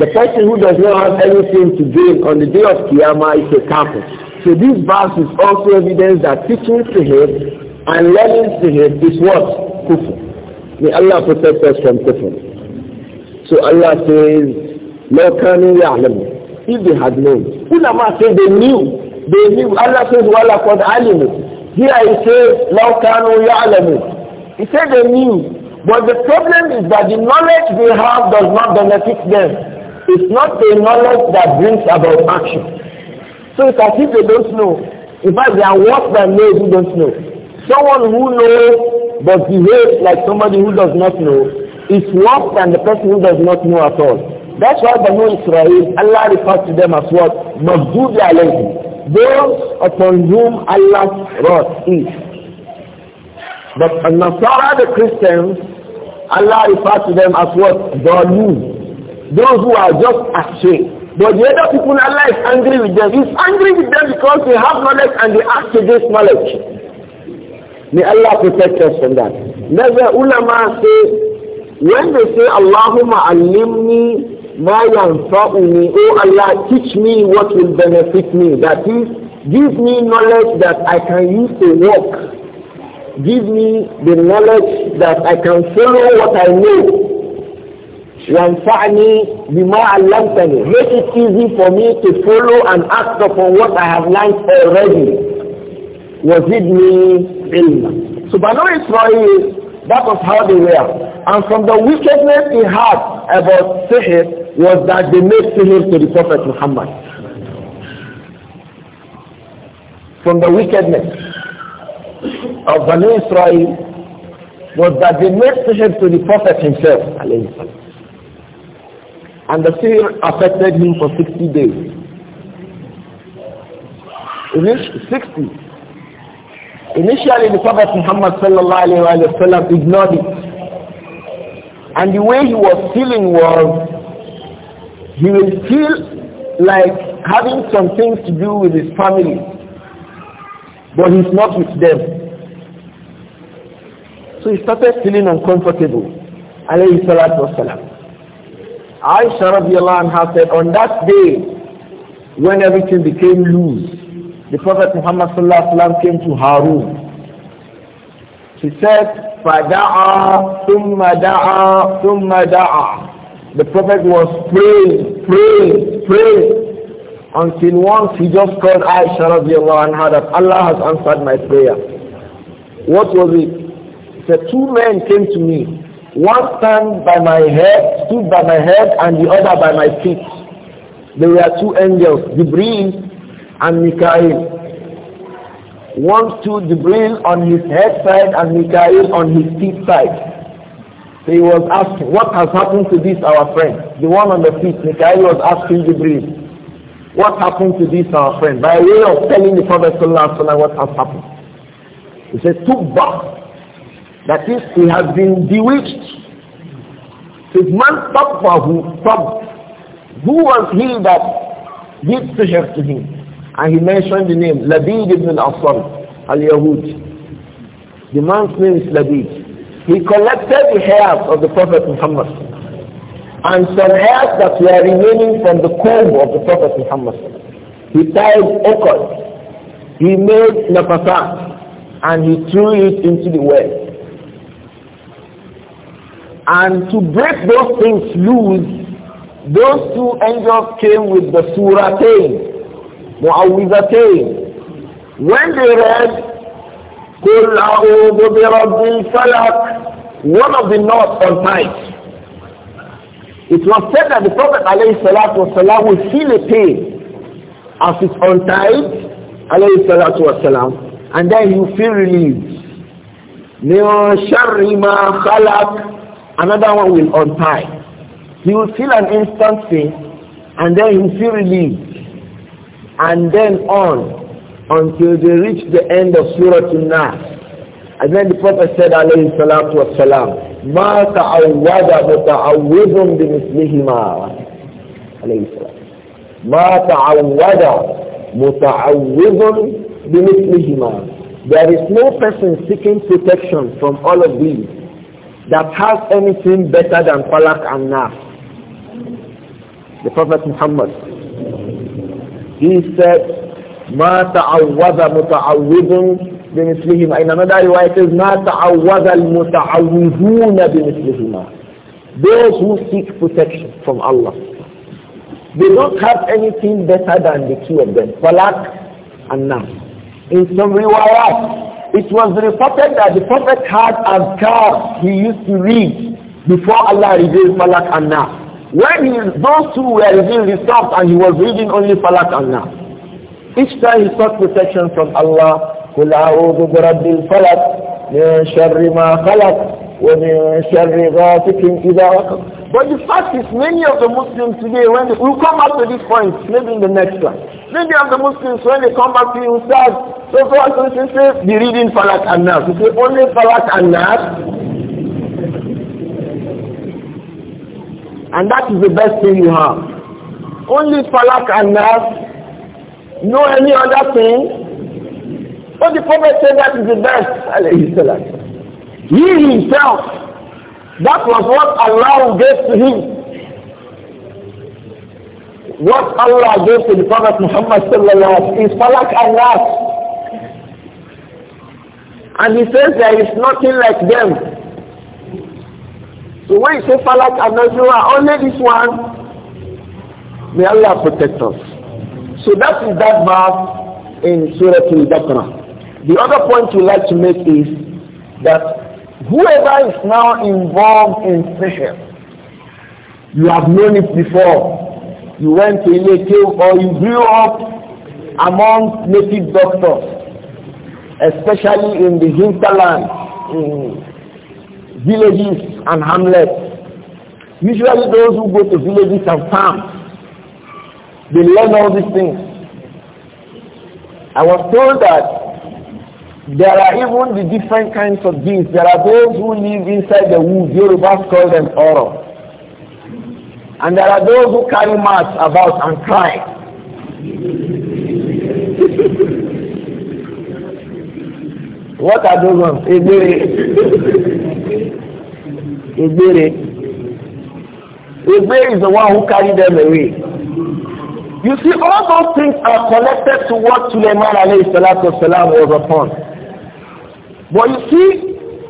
The person who does not have anything to gain on the day of Qiyamah is a kafir. So this verse is also evidence that teaching to him and learning to him is what? Kufr. May Allah protect us from kufr. So Allah says, لو كانوا يعلمون If they had known. Ulama say they knew. They knew. Allah says, وَلَقَدْ عَلِمُوا here he says, لَوْ كَانُوا يَعْلَمُونَ He said they knew. But the problem is that the knowledge they have does not benefit them. It's not the knowledge that brings about action. So it's as if they don't know. In fact, they are worse than those who don't know. Someone who knows but behaves like somebody who does not know is worse than the person who does not know at all. That's why the new Israel, Allah refers to them as what? Magdubi alayhi those upon whom Allah's wrath is. But Nasara, the Christians, Allah refers to them as what? Dalun. Those who are just astray. But the other people, Allah is angry with them. He's angry with them because they have knowledge and they act this knowledge. May Allah protect us from that. Never ulama say, when they say, Allahumma alimni ma yanfa'uni, O Allah, teach me what will benefit me. That is, give me knowledge that I can use to work. Give me the knowledge that I can follow what I know. ينفعني Bima علمتني. Make it easy for me to follow and act upon what I have learned already. وزدني علما. So Banu Israel, that was how they were. And from the wickedness he had about Sihir, was that they made sihr to the Prophet Muhammad. From the wickedness of Banu Israel was that they made sihr to the Prophet himself. And the sihr affected him for 60 days. Reached 60. Initially the Prophet Muhammad sallallahu alayhi wa sallam ignored it. And the way he was feeling was he will feel like having some things to do with his family, but he's not with them. So he started feeling uncomfortable. Alayhi salatu wasalam. Aisha radiallahu anha said, on that day, when everything became loose, the Prophet Muhammad sallallahu alayhi came to Harun. He said, "Fadaa, ثُمَّ دَعَا ثُمَّ دَعَا the Prophet was praying, praying, praying until once he just called Aisha radiallahu anha that Allah has answered my prayer. What was it? He said, two men came to me. One stand by my head, stood by my head, and the other by my feet. There were two angels, Jibril and Mikael one stood Jibril on his head side and Mikael on his feet side. So he was asking, what has happened to this our friend? The one on the feet, Mikhail was asking the breeze, what happened to this our friend? By way of telling the Prophet Sallallahu Alaihi what has happened. He said, Tubba. That is, he has been bewitched. His man Tabbahu, Tab. Who was he that did sihr to him? And he mentioned the name, Labid ibn al-Asr, al-Yahud. The man's name is Labid. He collected the hairs of the Prophet Muhammad and some hairs that were remaining from the comb of the Prophet Muhammad. He tied okot, he made nafasa, and he threw it into the well. And to break those things loose, those two angels came with the suratain, mu'awwizatain. When they read قل أعوذ برب الفلق one of the knots on time it was said that the Prophet والسلام, will feel a pain as it's untied والسلام, and then he will feel relieved. Another one will untie. He will feel an instant pain and then he will feel relieved. And then on until they reach the end of Surah An-Nas. And then the Prophet said, alayhi salatu wassalam, مَا تَعَوَّدَ مُتَعَوِّدٌ بِمِثْلِهِمَا alayhi salam. مَا تَعَوَّدَ مُتَعَوِّدٌ بِمِثْلِهِمَا There is no person seeking protection from all of these that has anything better than Falak and Nas. The Prophet Muhammad, he said, ما تعوذ متعوذ بمثلهما in another riwayah says ما تعوذ المتعوذون بمثلهما those who seek protection from Allah they don't have anything better than the two of them Falak and Nas in some riwayat it was reported that the Prophet had azkar he used to read before Allah revealed Falak and Nas when he, those two were revealed he stopped and he was reading only Falak and Nas each time he sought protection from Allah, قُلْ أَعُوذُ بِرَبِّ الْفَلَقِ مِنْ شَرِّ مَا خَلَقَ وَمِنْ شَرِّ غَاسِقٍ إِذَا وَقَبَ But the fact is, many of the Muslims today, when they, we'll come back to this point, maybe in the next one. Many of the Muslims, when they come back to you, say, so for us, they say, be reading Falak and Nas. You say, only Falak and Nas? And that is the best thing you have. Only Falak and Nas Know any other thing. But the Prophet said that is the best. He himself, that was what Allah gave to him. What Allah gave to the Prophet Muhammad sallallahu is Falak and And he says there is nothing like them. So when you say Falak and Nas, only this one. May Allah protect us. So that is that verse in Surah Al-Baqarah. The other point we like to make is that whoever is now involved in sihr, you have known it before. You went to a cave or you grew up among native doctors, especially in the hinterland, in villages and hamlets. Usually those who go to villages and farms, They learn all these things. I was told that there are even the different kinds of beings. There are those who live inside the woods. Yorubas call them Oro. And there are those who carry mats about and cry. [LAUGHS] what are those ones? Ebere. Ebere. Ebere is the one who carried them away. You see, all those things are connected to what Suleiman alayhi salatu was upon. But you see,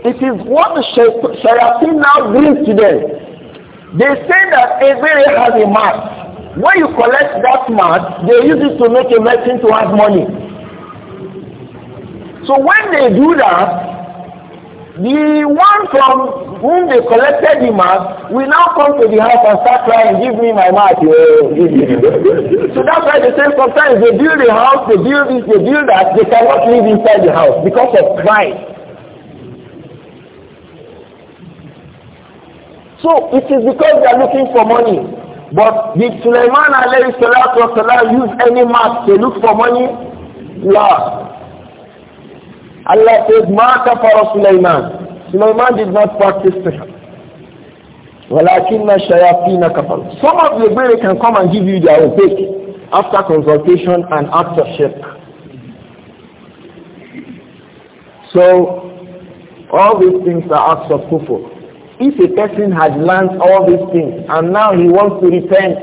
it is what the shayateen now brings to them. They say that every has a mask. When you collect that mask, they use it to make a medicine to have money. So when they do that, the one from whom they collected the mask will now come to the house and start crying, give me my mask. [LAUGHS] so that's why they say sometimes they build a house, they build this, they build that, they cannot live inside the house because of pride. So it is because they are looking for money. But did Sulaiman alayhi salatu wasalam use any mask to look for money? Yeah. Allah says, مَا كَفَرَ Sulaiman. Sulaiman did not practice sihr. وَلَكِنَّ الشَّيَاطِينَ كَفَرُوا Some of the Iberi can come and give you their opaque after consultation and after shirk. So, all these things are acts of people. If a person has learned all these things and now he wants to repent,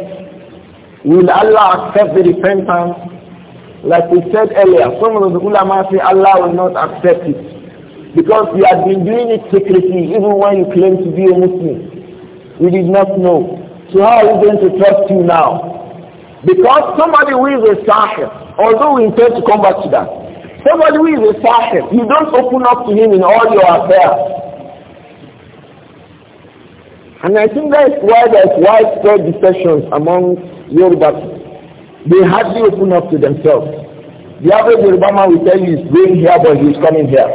will Allah accept the repentance? Like we said earlier, some of the ulama say Allah will not accept it. Because we had been doing it secretly even when you claim to be a Muslim. We did not know. So how are we going to trust you now? Because somebody who is a sahib, although we intend to come back to that, somebody who is a sahib, you don't open up to him in all your affairs. And I think that's why there's widespread discussions among Yoruba They hardly open up to themselves. The average Yoruba man will tell you he's going here, but he's coming here.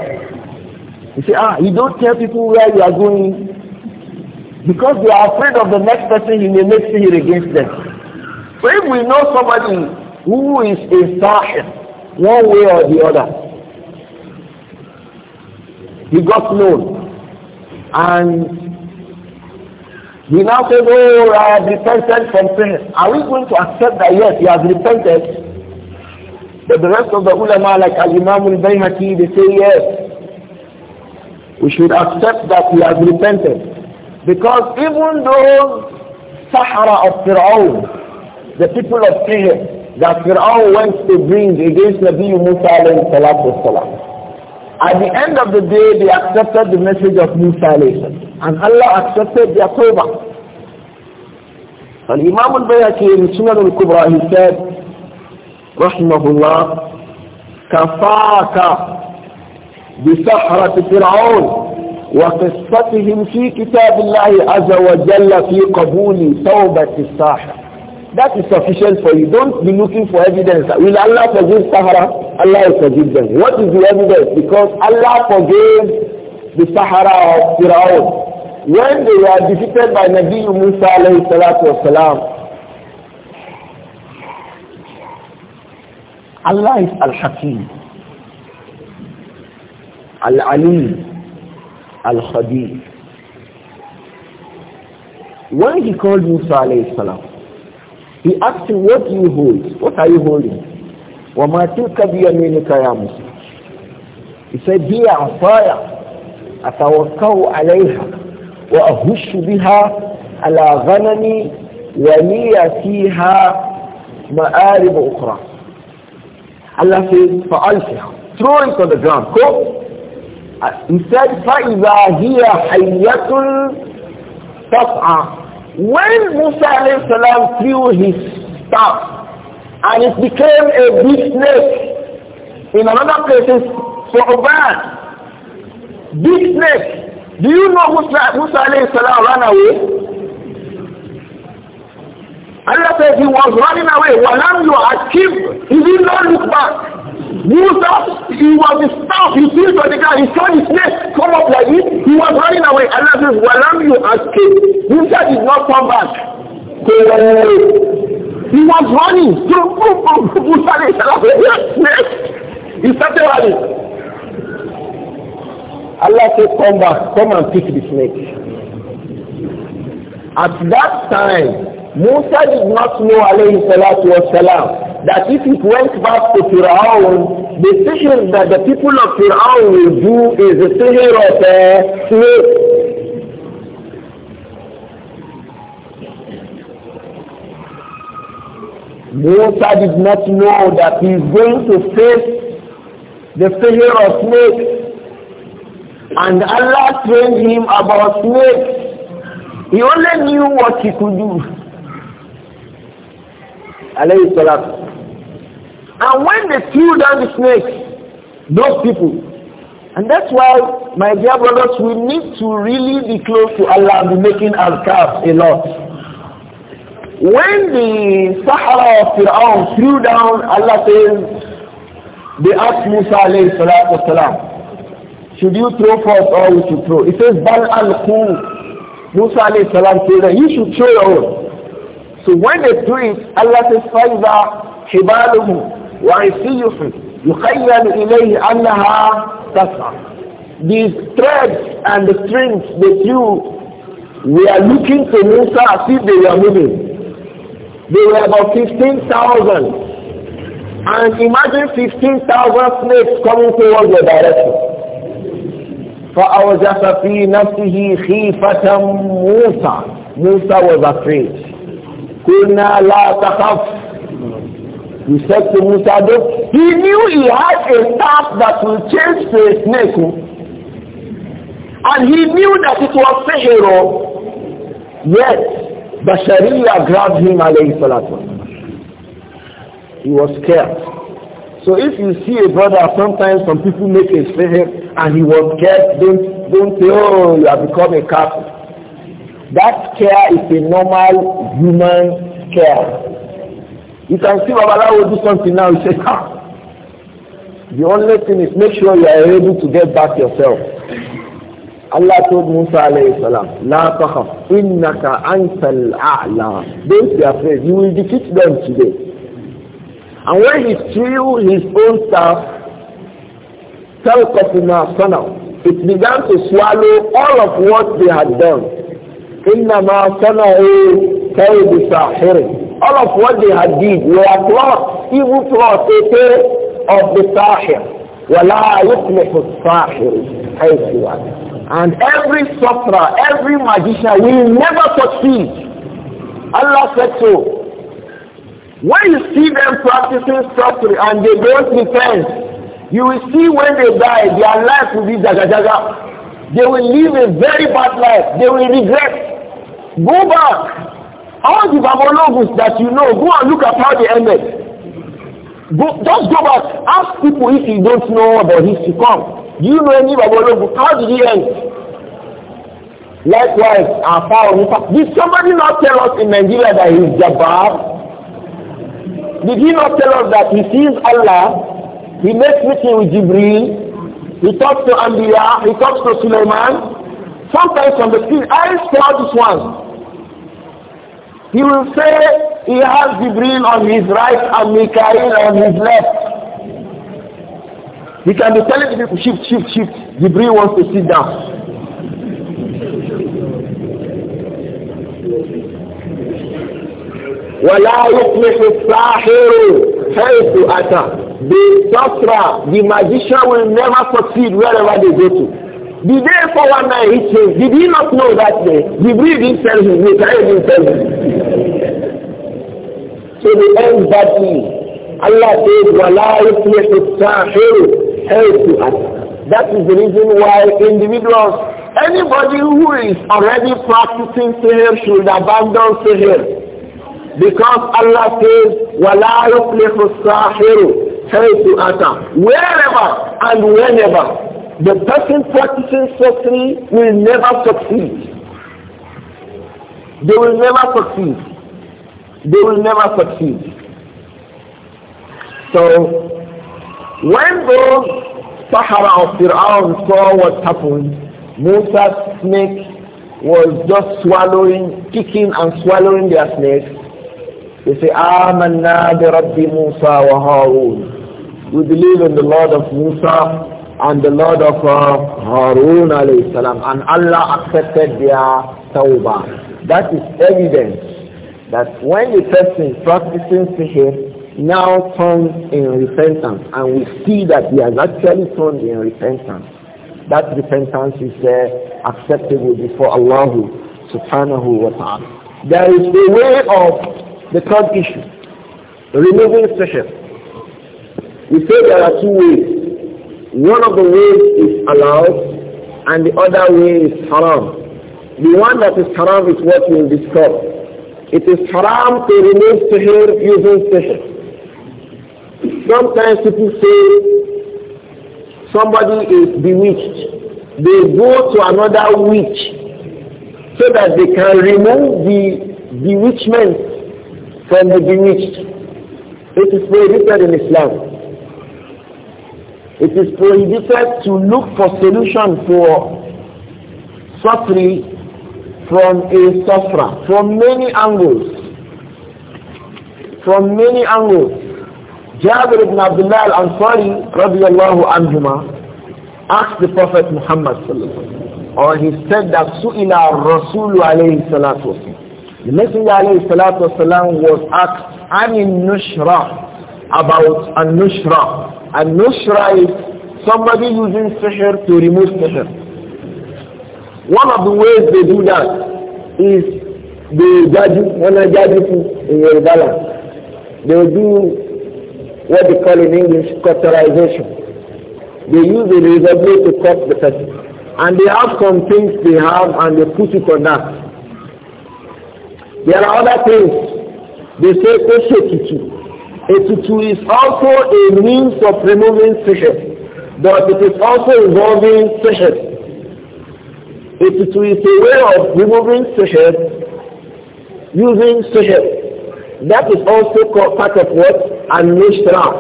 You say, ah, you don't tell people where you are going because they are afraid of the next person he may make fear against them. So if we know somebody who is a sahib, one way or the other, he got known and He now says, Oh, I have repented from sin. Are we going to accept that? Yes, he has repented. But the rest of the ulama, like Al-Imam al-Bayhaqi, they say, yes, we should accept that he has repented. Because even those Sahara of Fir'aun, the people of Sihir, that Fir'aun went to bring against Nabi Musa alayhi salatu Salam. At the end of the day, they accepted the message of new salvation. and Allah accepted their tawbah. الإمام البيهقي من سنن الكبرى الكتاب رحمه الله كفاك بسحرة فرعون وقصتهم في كتاب الله عز وجل في قبول توبة الساحر That is sufficient for you. Don't be looking for evidence. Will Allah forgive Sahara? Allah will forgive them. What is the evidence? Because Allah forgave the Sahara of Firaun. When they were defeated by Nabi Musa alayhi salatu wasalam, Allah is Al-Hakim, Al-Alim, Al-Khadir. When he called Musa alayhi salam, he asked him, what do you hold? What are you holding? He said, fire, وَمَا تِلْكَ بِيَمِنِكَ يَا مُسِي He said, هي عصايا أتوقع عليها وأهش بها على غنمي ولي فيها مآرب أخرى Allah says, فَأَلْفِحْ Throw it on the ground. Go. He said, فَإِذَا هِيَ حَيَّةٌ تَفْعَى When Musa alayhi salam threw his staff and it became a big snake, in another place it's Sohban, big snake. Do you know Musa, Musa alayhi salam ran away? Allah said he was running away. Walam you are He did not look back. Musa, he was the staff, he seized the guy, he saw the snake come up like this, he was running away. Allah says, Walam you escape. Musa did not come back. He was running. Musa snake. He started running. Allah said, come back, come and pick the snake. At that time, Musa did not know alayhi salatu wasalam that if it went back to Fir'aun, the sihr that the people of Fir'aun will do is the sihr of a uh, snake. Musa did not know that he is going to face the sihr of snakes. And Allah trained him about snakes. He only knew what he could do alayhi salatu. And when they threw down the snake, those people, and that's why, my dear brothers, we need to really be close to Allah and be making azkar a lot. When the Sahara of Fir'aun threw down, Allah says, they asked Musa alayhi salatu wasalam, should you throw first or we should throw? It says, Bal al Musa alayhi salam says, you should throw your own. So when they do it, Allah says, فَإِذَا حِبَالُهُمْ وَعِسِيُّهُمْ يُخَيَّلُ إِلَيْهِ أَنَّهَا تَسْعَى These threads and the strings that you are looking to Musa as if they were moving. They were about 15,000. And imagine 15,000 snakes coming towards your direction. فَأَوْجَفَ فِي نَفْسِهِ خِيفَةً مُوسَى Musa was afraid. Kuna la takhaf. He said to Musa, he knew he had a task that will change to a snake. And he knew that it was Pharaoh. Yet, the Sharia grabbed him, alayhi salatu. He was scared. So if you see a brother, sometimes some people make a sihir and he was scared, don't, don't say, oh, you have become a captain. That care is a normal human care. You can see will do something now, you say, "Come." The only thing is make sure you are able to get back yourself. Allah told Musa alayhi salam, La takhaf, innaka antal a'la. Don't be afraid, you will defeat them today. And when he threw his own staff, تلقف ما It began to swallow all of what they had done. إنما صنعوا كيد ساحر All of what they had did were plots, evil plots, they say, of the sahir. وَلَا يُفْلِحُ السَّاحِرُ حَيْثُ And every sorcerer, every magician will never succeed. Allah said so. When you see them practicing sorcery and they don't repent, you will see when they die, their life will be jaga jaga. They will live a very bad life. They will regret. Go back. All the Babylonians that you know, go and look at how they ended. Go, just go back. Ask people if you don't know about to Come. Do you know any Babylonians? How did he end? Likewise, our power. Did somebody not tell us in Nigeria that he's Jabbar? Did he not tell us that he sees Allah? He makes meeting with Jibril. He talks to Anbiya. He talks to Suleiman. Sometimes on the field, I saw this one. He will say he has Jibril on his right and Mikael on his left. He can be telling people, shift, shift, shift. Jibril wants to sit down. ولا يفلح الساحر حيث أتى. The sorcerer, the magician will never succeed wherever they go to. The day for one night he changed. Did he not know that day? Jibril didn't tell him. Mikael didn't tell him. So they end badly. Allah says, وَلَا يُفْلِحُ السَّاحِرُ حَيْثُ That is the reason why individuals, anybody who is already practicing sihr should abandon sihr because Allah says, وَلَا يُفْلِحُ السَّاحِرُ حَيْثُ أَتَى Wherever and whenever the person practicing sorcery will never succeed. They will never succeed. They will never succeed. So, when those Sahara of Fir'aun saw what happened, Musa's snake was just swallowing, kicking and swallowing their snake. They say, آمنا Musa wa Harun." We believe in the Lord of Musa and the Lord of uh, Harun alayhi salam and Allah accepted their tawbah. That is evidence that when the person practicing sihr now turns in repentance and we see that he has actually turned in repentance, that repentance is uh, acceptable before Allah subhanahu wa ta'ala. There is the way of the third issue, removing sihr. We say there are two ways. One of the ways is allowed and the other way is haram. The one that is haram is what we'll discuss. It is haram to remove sihr using sihr. Sometimes people say somebody is bewitched. They go to another witch so that they can remove the bewitchment from the bewitched. It is prohibited in Islam. It is prohibited to look for solution for suffering from a sufferer, from many angles. From many angles. Jabir ibn Abdullah al-Ansari radiallahu anhuma asked the Prophet Muhammad or he said that Su'ila Rasul alayhi salatu The Messenger alayhi salatu wasalam was asked Ani Nushra about a Nushra and no is somebody using sihr to remove sihr. One of the ways they do that is they judge, when I jaju in your balance, they will do what they call in English cauterization. They use a razor blade to cut the person. And they have some things they have and they put it on that. There are other things. They say, Etutu is also a means of removing sihr, but it is also involving sihr. Etutu is a way of removing sihr using sihr. That is also called part of what? An-Nishra.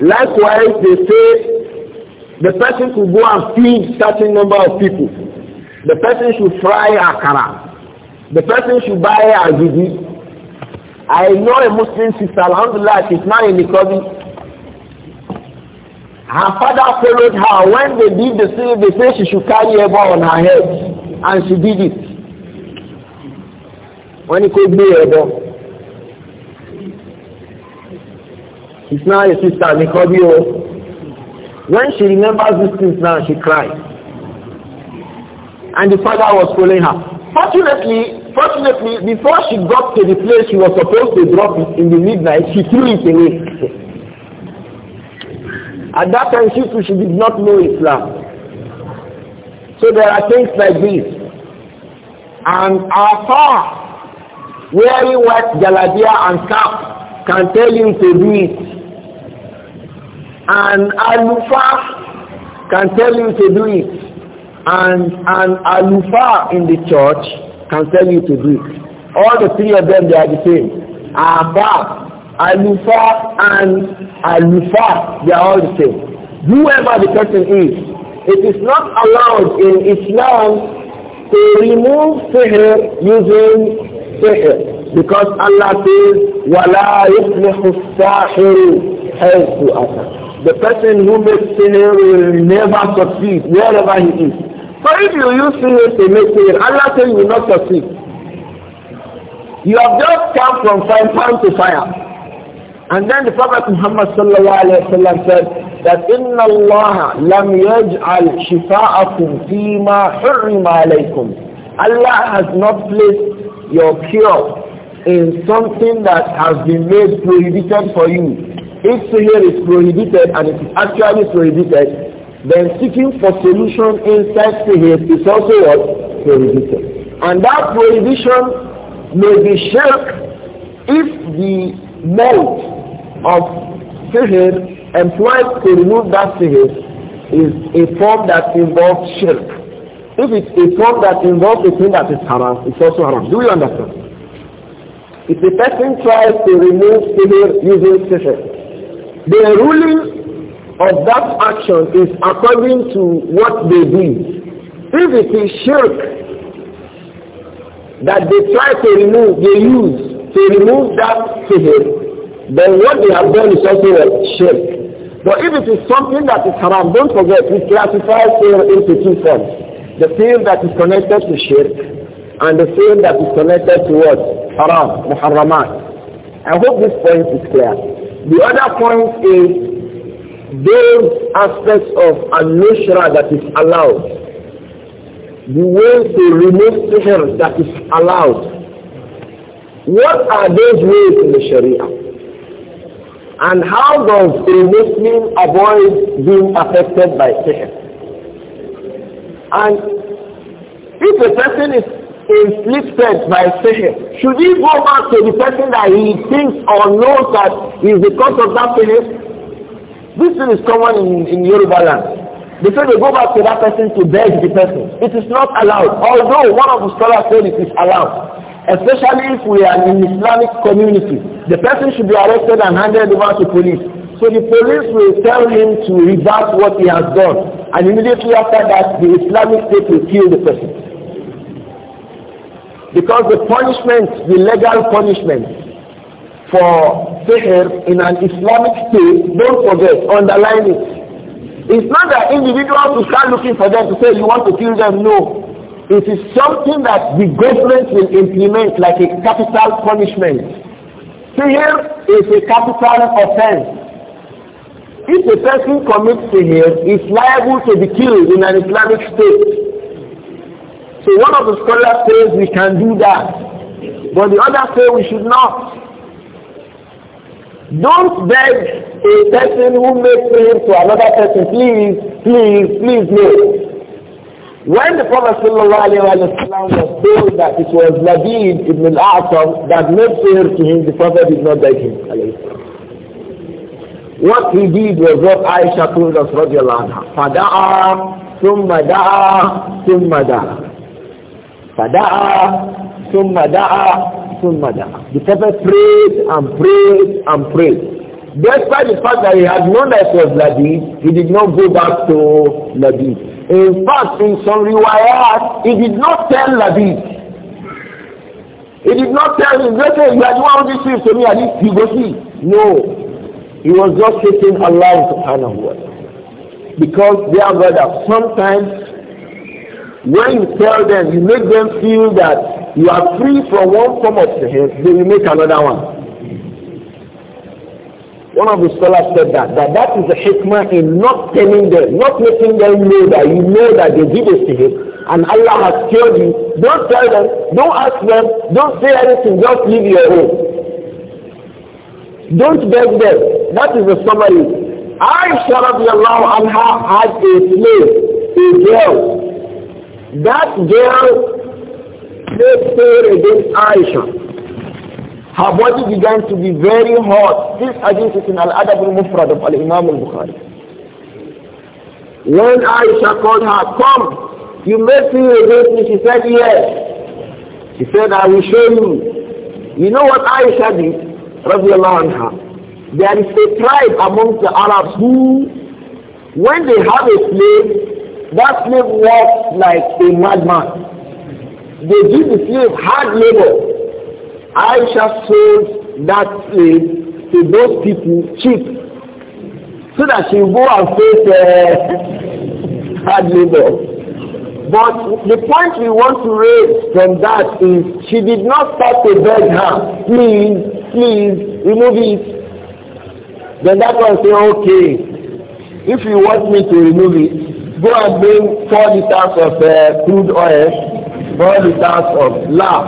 Likewise, they say the person could go and feed certain number of people. The person should fry akara. The person should buy agidi. I know a Muslim sister, Alhamdulillah, she's now in Nikobi. Her father followed her. When they did the thing. they said she should carry a ball on her head. And she did it. When he could be a ball. She's now a sister, Nikobi. Oh. When she remembers these things now, she cries. And the father was following her. Fortunately, Unfortunately, before she got to the place she was supposed to drop it in the midnight, she threw it away. At that time, she, she did not know Islam. So there are things like this. And our far, wearing white galadia and cap can tell you to do it. And alufa can tell you to do it. And an alufa in the church can tell you to do it. All the three of them, they are the same. Aba, Alufa, and Alufa, they are all the same. Whoever the person is, it is not allowed in Islam to remove sihr using sihr because Allah says, وَلَا يُفْلِحُ السَّاحِرُ حَيْثُ أَتَى The person who makes sihr will never succeed wherever he is. So if you use it to make it, Allah says you will not succeed. You have just come from fire to fire. And then the Prophet Muhammad sallallahu alayhi wa sallam said that إِنَّ اللَّهَ لَمْ يَجْعَلْ شِفَاءَكُمْ فِي مَا حُرِّمَ عَلَيْكُمْ Allah has not placed your cure in something that has been made prohibited for you. If here is prohibited and it is actually prohibited, then seeking for solution inside sihr is also what? Prohibited. And that prohibition may be shirk if the mode of sihr employed to remove that sihr is a form that involves shirk. If it's a form that involves a thing that is haram, it's also haram. Do you understand? If the person tries to remove sihr using they the ruling of that action is according to what they did. If it is shirk that they try to remove, they use to remove that sihr, then what they have done is also a shirk. But if it is something that is haram, don't forget, we classify fear into two forms. The fear that is connected to shirk and the fear that is connected to what? Haram, muharramat. I hope this point is clear. The other point is those aspects of anushra is allowed, the way to remove sihr that is allowed, what are those ways in the sharia? And how does a Muslim avoid being affected by sihr? And if a person is inflicted by sihr, should he go back to the person that he thinks or knows that is because of that sihr? This thing is common in, in Yoruba land. They say they go back to that person to beg the person. It is not allowed. Although one of the scholars said it is allowed. Especially if we are in Islamic community. The person should be arrested and handed over to police. So the police will tell him to reverse what he has done. And immediately after that, the Islamic State will kill the person. Because the punishment, the legal punishment, for sihr in an Islamic state, don't forget, underline it. It's not that individuals will start looking for them to say you want to kill them, no. It is something that the government will implement like a capital punishment. Sihr is a capital offense. If a person commits sihr, is liable to be killed in an Islamic state. So one of the scholars says we can do that, but the other say we should not. Don't beg a person who makes prayer to another person, please, please, please, no. When the Prophet ﷺ was told that it was Labid ibn al-A'sam that made prayer to him, the Prophet did not beg him. What he did was what Aisha told us, radiallahu anha. Fada'a, thumma da'a, thumma da'a. Fada'a, thumma da'a, the Prophet prayed and prayed and prayed. Despite the fact that he had known that it was Ladid, he did not go back to Ladid. In fact, in some riwayat, he did not tell Ladid. He did not tell him, let's say, you are doing all these things to me, and he go see. No. He was just taking to subhanahu wa what Because, dear brother, sometimes when you tell them, you make them feel that you are free from one form of sin, they will make another one. One of the scholars said that, that that is the hikmah in not telling them, not making them know that you know that they did a sin and Allah has killed you. Don't tell them, don't ask them, don't say anything, just leave your own. Don't beg them. That is the summary. Aisha radiallahu anha had a slave, a girl, that girl played fair against Aisha. Her body began to be very hot. This hadith is in Al-Adab al-Mufrad of Al-Imam al-Bukhari. When Aisha called her, come, you may me against me, she said yes. She said, I will show you. You know what Aisha did? Radiallahu anha. There is a tribe among the Arabs who, when they have a slave, that slave walked like a madman. They give the slave hard labor. Aisha sold that slave to those people cheap so that she go and face uh, [LAUGHS] hard labor. But the point we want to raise from that is she did not start to beg her, please, please, remove it. Then that one say, okay, if you want me to remove it, Go and bring four liters of uh, crude oil, four liters of lard.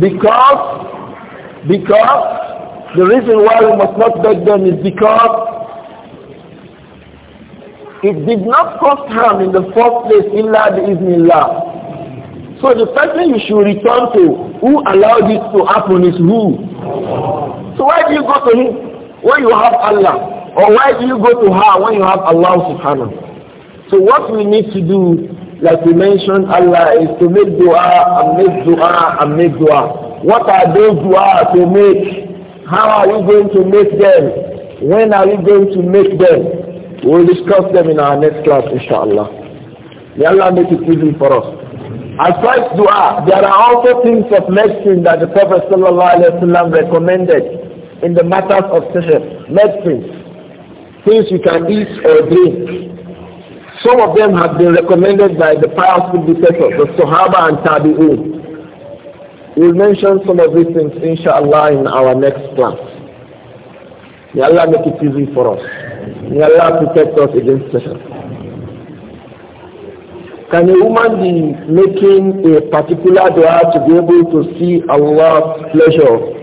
Because, because the reason why we must not beg them is because it did not cost harm in the first place in biiznillah. So the person you should return to who allowed this to happen is who. So why do you go to him when you have Allah? Or why do you go to her when you have Allah subhanahu? So what we need to do, like we mentioned Allah, is to make dua and make dua and make dua. What are those dua to make? How are we going to make them? When are we going to make them? We'll discuss them in our next class, inshallah. May Allah make it easy for us. As far as dua, there are also things of medicine that the Prophet recommended in the matters of sihr, medicine things you can eat or drink. Some of them have been recommended by the powerful predecessors, the Sahaba and Tabi'un. We'll mention some of these things, inshallah, in our next class. May Allah make it easy for us. May Allah protect us against Satan. Can a woman be making a particular dua to be able to see Allah's pleasure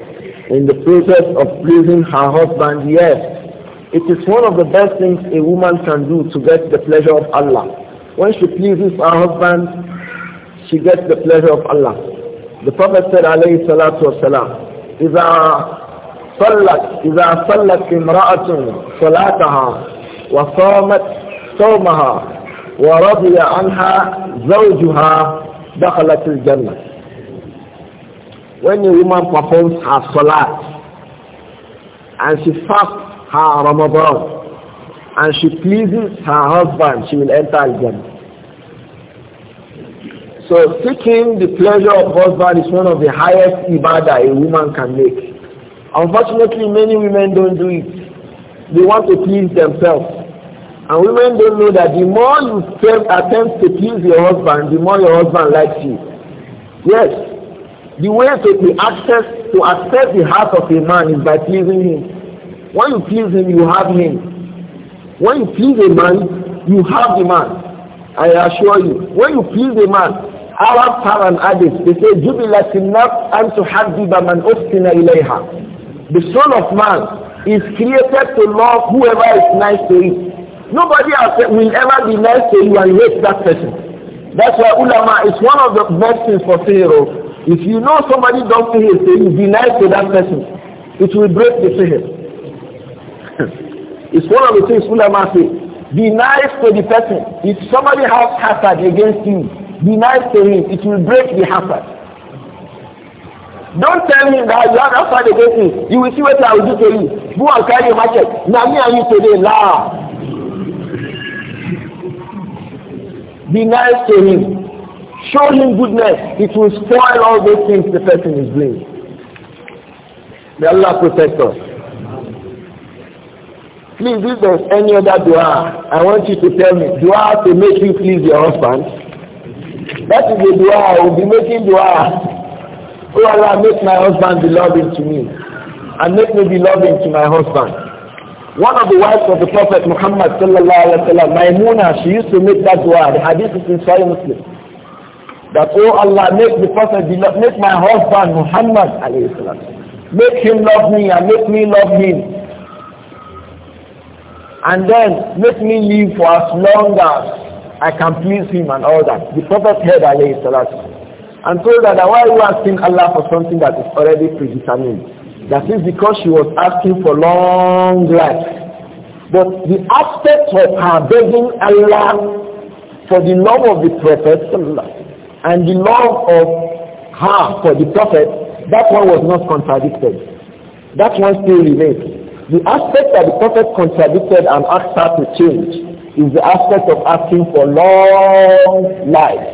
in the process of pleasing her husband? Yes. It is one of the best things a woman can do to get the pleasure of Allah. When she pleases her husband, she gets the pleasure of Allah. The Prophet said, alayhi salatu wasalam, إذا صلت إذا صلت امرأة صلاتها وصامت صومها ورضي عنها زوجها دخلت الجنة When a woman performs her salat and she fasts her Ramadan and she pleases her husband, she will enter again. So seeking the pleasure of husband is one of the highest ibadah a woman can make. Unfortunately, many women don't do it. They want to please themselves. And women don't know that the more you attempt to please your husband, the more your husband likes you. Yes, the way to be access to access the heart of a man is by pleasing him. When you please him, you have him. When you please a man, you have the man. I assure you, when you please a man, Arab Quran Hadith, they say, جُبِلَتِ النَّفْ أَن تُحَذِّبَ man أُفْتِنَ إِلَيْهَا The soul of Man is created to love whoever is nice to him. Nobody else will ever be nice to you and hate that person. That's why ulama is one of the best things for Pharaoh. If you know somebody does not be nice to that person. It will break the Pharaoh. It's one of the things ulama say. Be nice to the person. If somebody has hazard against you, be nice to him. It will break the hazard. Don't tell him that you have hazard against me. You will see what I will do to you. Go and carry your machete? Now me and you today, la. Be nice to him. Show him goodness. It will spoil all those things the person is doing. May Allah protect us. Please, if there's any other dua, I want you to tell me. Dua to make you please your husband. That is the dua. I will be making dua. Oh Allah, make my husband be loving to me. And make me be loving to my husband. One of the wives of the Prophet Muhammad sallallahu alaihi wasallam, Maimuna, she used to make that dua. The hadith is in Sahih Muslim. That oh Allah, make the Prophet be make my husband Muhammad alayhi salam, make him love me and make me love him and then make me live for as long as I can please him and all that. The Prophet heard alayhi salatu and told her that why you asking Allah for something that is already predetermined? That is because she was asking for long life. But the aspect of her begging Allah for the love of the Prophet and the love of her for the Prophet, that one was not contradicted. That one still remains. The aspect that the Prophet contradicted and asked her to change is the aspect of asking for long life.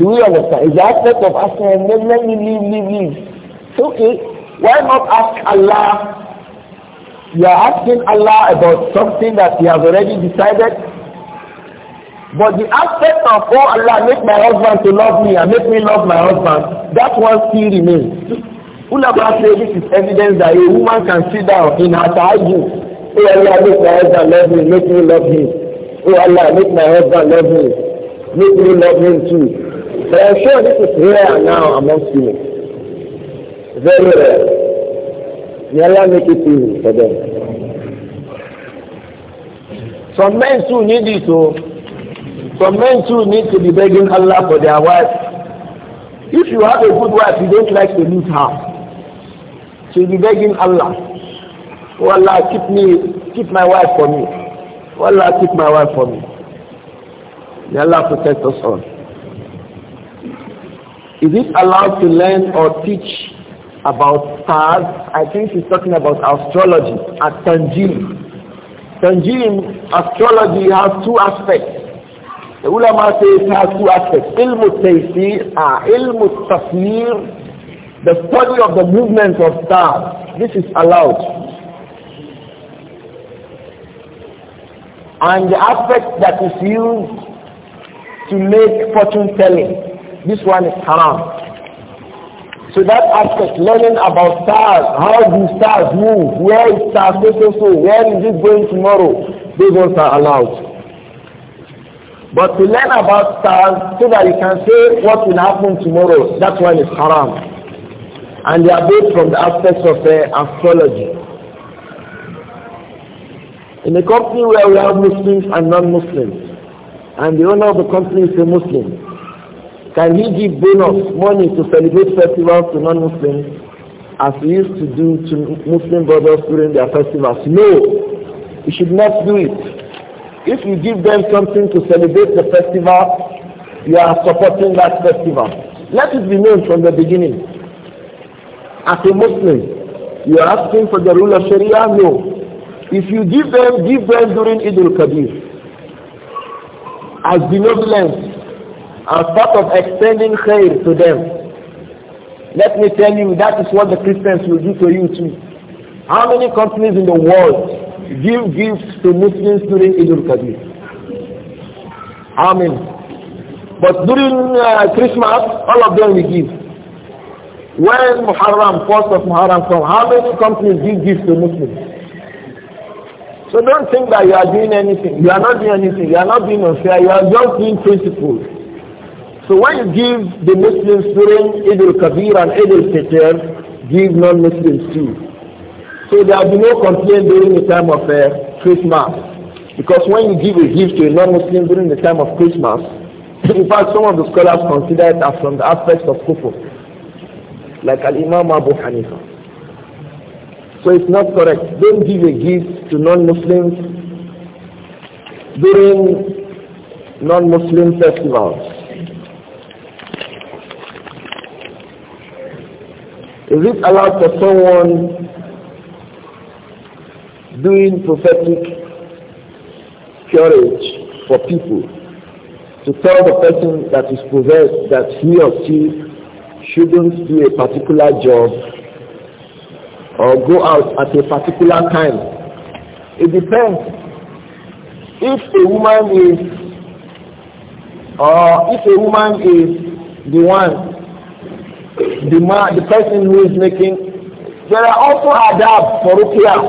Do we understand? It's the aspect of asking, let, let me live, live, live. okay. Eh, why not ask Allah? You are asking Allah about something that He has already decided. But the aspect of, oh Allah, make my husband to love me and make me love my husband, that one still remains. Ulama say this is evidence that a woman can sit down in her tahajjud. Oh Allah, make my husband love me, make me love him. Oh Allah, make my husband love me, make me love him too. But I'm sure this is rare now amongst you, Very rare. May Allah make it easy for them. Some men too need it, oh. Some men too need to be begging Allah for their wives. If you have a good wife, you don't like to lose her. She'll be begging Allah. Oh Allah, keep me, keep my wife for me. Oh Allah, keep my wife for me. May Allah protect us all. Is it allowed to learn or teach about stars? I think he's talking about astrology at Tanjim. Tanjim, astrology has two aspects. The ulama says it has two aspects. Ilmu taysir, ah, ilmu tafsir, the study of the movements of stars. This is allowed. And the aspect that is used to make fortune telling, this one is haram. So that aspect, learning about stars, how do stars move, where is stars, so, so, so, where is it going tomorrow, those ones are allowed. But to learn about stars so that you can say what will happen tomorrow, that one is haram. and they are both from the aspects of uh, astrology. In a company where we have Muslims and non-Muslims, and the owner of the company is a Muslim, can he give bonus money to celebrate festivals to non-Muslims as he used to do to Muslim brothers during their festivals? No, we should not do it. If you give them something to celebrate the festival, you are supporting that festival. Let it be known from the beginning as a Muslim, you are asking for the rule of Sharia? No. If you give them, give them during Eid al-Kabir. As benevolence, as part of extending khair to them. Let me tell you, that is what the Christians will do to you too. How many companies in the world give gifts to Muslims during Eid al-Kabir? How many? But during uh, Christmas, all of them will give. When Muharram, first of Muharram comes, how many companies give gifts to Muslims? So don't think that you are doing anything. You are not doing anything. You are not being unfair. You are just being principled. So when you give the Muslims during Eid al-Kabir and Eid al-Fitr, give non-Muslims too. So there will be no complaint during the time of uh, Christmas. Because when you give a gift to a non-Muslim during the time of Christmas, [COUGHS] in fact some of the scholars consider it as from the aspect of kufr like Al-Imam Abu Hanifa. So it's not correct. Don't give a gift to non-Muslims during non-Muslim festivals. Is it allowed for someone doing prophetic courage for people to tell the person that is possessed that he or she shouldn't do a particular job or go out at a particular time. It depends. If a woman is, or if a woman is the one, the man, the person who is making, there are also adab for rukia.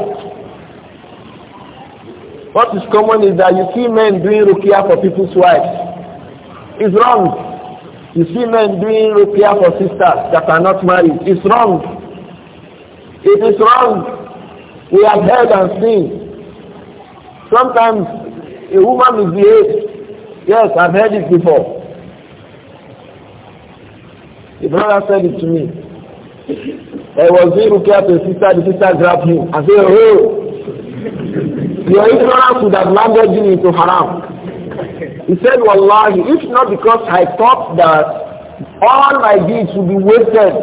What is common is that you see men doing rukia for people's wives. It's wrong. You see men doing repair for sisters that are not married. It's wrong. It is wrong. We have heard and seen. Sometimes a woman misbehaves. Yes, I've heard it before. The brother said it to me. I was doing repair to a sister, the sister grabbed me and said, oh, your ignorance would have landed you into haram. He said, Wallahi, if not because I thought that all my deeds would be wasted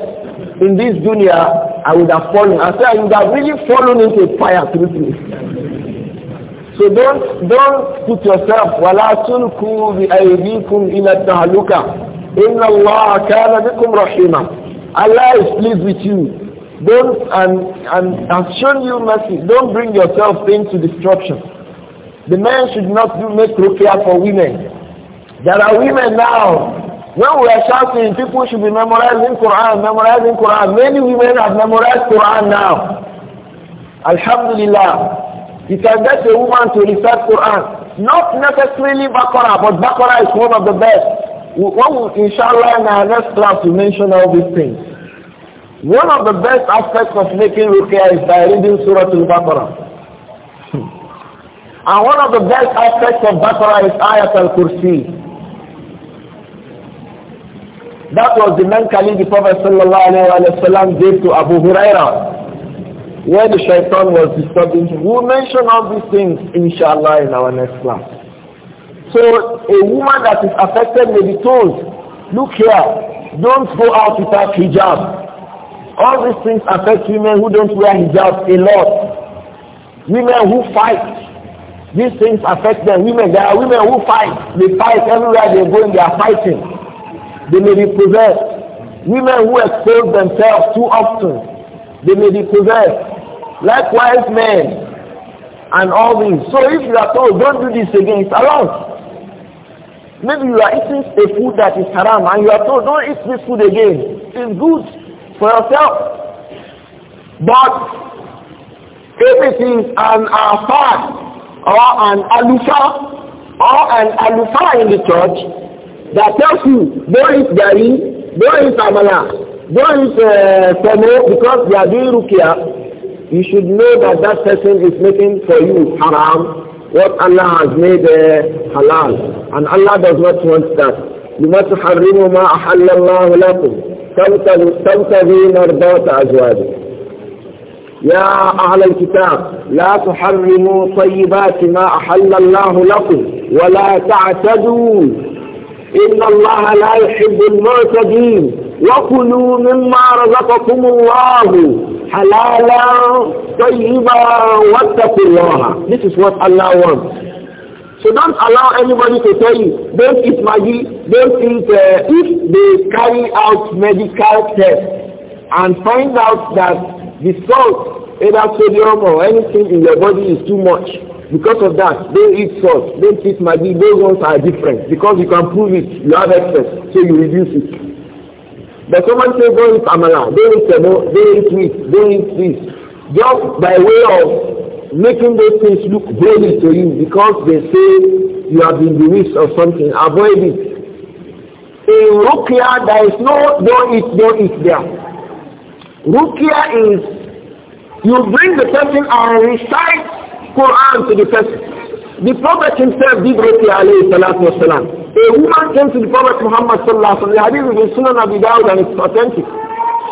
in this dunya, I would have fallen. I said, I would have really fallen into a fire through this. So don't, don't put yourself, وَلَا تُلْكُوا بِأَيْدِيكُمْ إِلَى التَّهْلُكَ إِنَّ اللَّهَ كَانَ بِكُمْ رَحِيمًا Allah is pleased with you. Don't, and, and has shown you mercy. Don't bring yourself into destruction. The men should not do, make ruqyah for women. There are women now. When we are shouting, people should be memorizing Quran, memorizing Quran. Many women have memorized Quran now. Alhamdulillah. You can get a woman to recite Quran. Not necessarily Baqarah, but Baqarah is one of the best. We, we, inshallah, in our next class, we mention all these things. One of the best aspects of making ruqyah is by reading Surah Al-Baqarah. And one of the best aspects of Baqarah is Ayat al-Kursi. That was the mankali the Prophet sallallahu gave to Abu Huraira where the shaitan was disturbing him. We'll mention all these things inshallah in our next class. So a woman that is affected may be told, look here, don't go out without hijab. All these things affect women who don't wear hijab a lot. Women who fight these things affect them. Women, there are women who fight. They fight everywhere they go and they are fighting. They may be possessed. Women who expose themselves too often, they may be possessed. Likewise, men and all these. So if you are told, don't do this again, it's allowed. Maybe you are eating a food that is haram and you are told, don't eat this food again. It's good for yourself. But if it is an afad, or an alufa, or an alufa in the church that tells you don't gari, don't amala, uh, because they are doing rukia, you should know that that person is making for you haram what Allah has made uh, halal. And Allah does not want that. لما تحرموا ما أحل الله لكم تبتغي مرضات أزواجكم يا أهل الكتاب لا تحرموا طيبات ما أحل الله لكم ولا تعتدوا إن الله لا يحب المعتدين وكلوا مما رزقكم الله حلالا طيبا واتقوا الله This is what Allah wants. So don't allow anybody to tell you, don't eat maggi, don't eat, uh, if they carry out medical tests and find out that The salt sodium or anything in your body is too much. Because of that, don't eat salt, don't eat maggi. Those ones are different because you can prove it. You have excess, so you reduce it. But someone say, don't eat amala, don't eat sebo, don't eat wheat, don't eat this. Just by way of making those things look holy to you because they say you have been bewitched or something. Avoid it. In Rukia, there is no don't eat, don't eat there. Rukia is you bring the person and recite Quran to the person. The Prophet himself did Rukia alayhi salatu wasalam. A woman came to the Prophet Muhammad sallallahu alayhi wa sallam. The hadith is in Sunan Abi Dawud and it's authentic.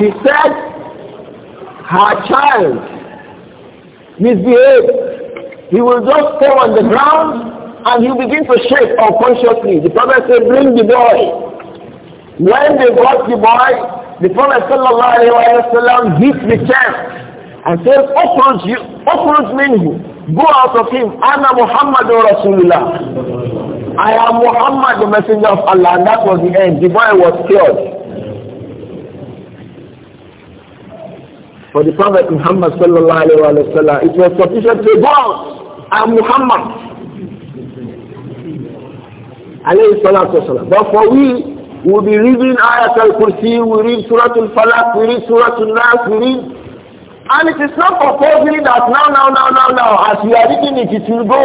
She said her child misbehaved. He will just fall on the ground and he begin to shake unconsciously. The Prophet said, bring the boy. When they brought the boy, the Prophet ﷺ hit the chest and said, Uproot you, uproot minhu, go out of him. Anna Muhammad Rasulullah. I am Muhammad, the messenger of Allah. And that was the end. The boy was killed. For the Prophet Muhammad sallallahu alayhi wa sallam, it was sufficient to go out. I am Muhammad. Alayhi salatu wasalam. But for we, We'll be reading Ayat al-Kursi, we read Surah al-Falaq, we read Surah al-Nas, we read... And it is not proposing that now, now, now, now, now, as we are reading it, it will go.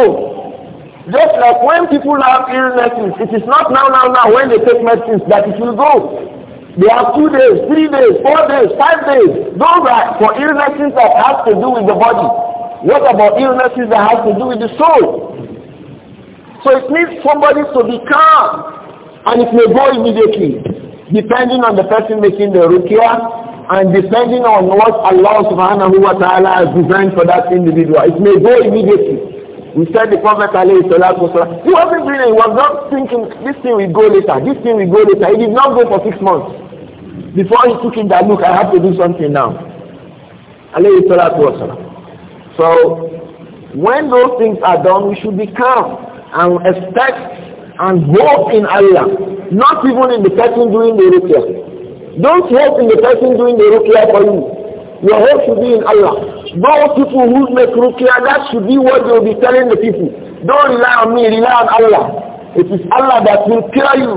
Just like when people have illnesses, it is not now, now, now when they take medicines that it will go. They have two days, three days, four days, five days. Those are for illnesses that have to do with the body. What about illnesses that have to do with the soul? So it needs somebody to be calm. And it may go immediately, depending on the person making the ruqyah and depending on what Allah subhanahu wa ta'ala has designed for that individual. It may go immediately. We said the Prophet alayhi salatu wasalam, he wasn't doing it, he was not thinking, this thing will go later, this thing will go later. He did not go for six months before he took in that look, I have to do something now. Alayhi salatu wasalam. So, when those things are done, we should be calm and expect and hope in Allah, not even in the person doing the ruqyah. Don't hope in the person doing the ruqyah for you. Your hope should be in Allah. Those people who make ruqyah, that should be what they will be telling the people. Don't rely on me, rely on Allah. It is Allah that will cure you.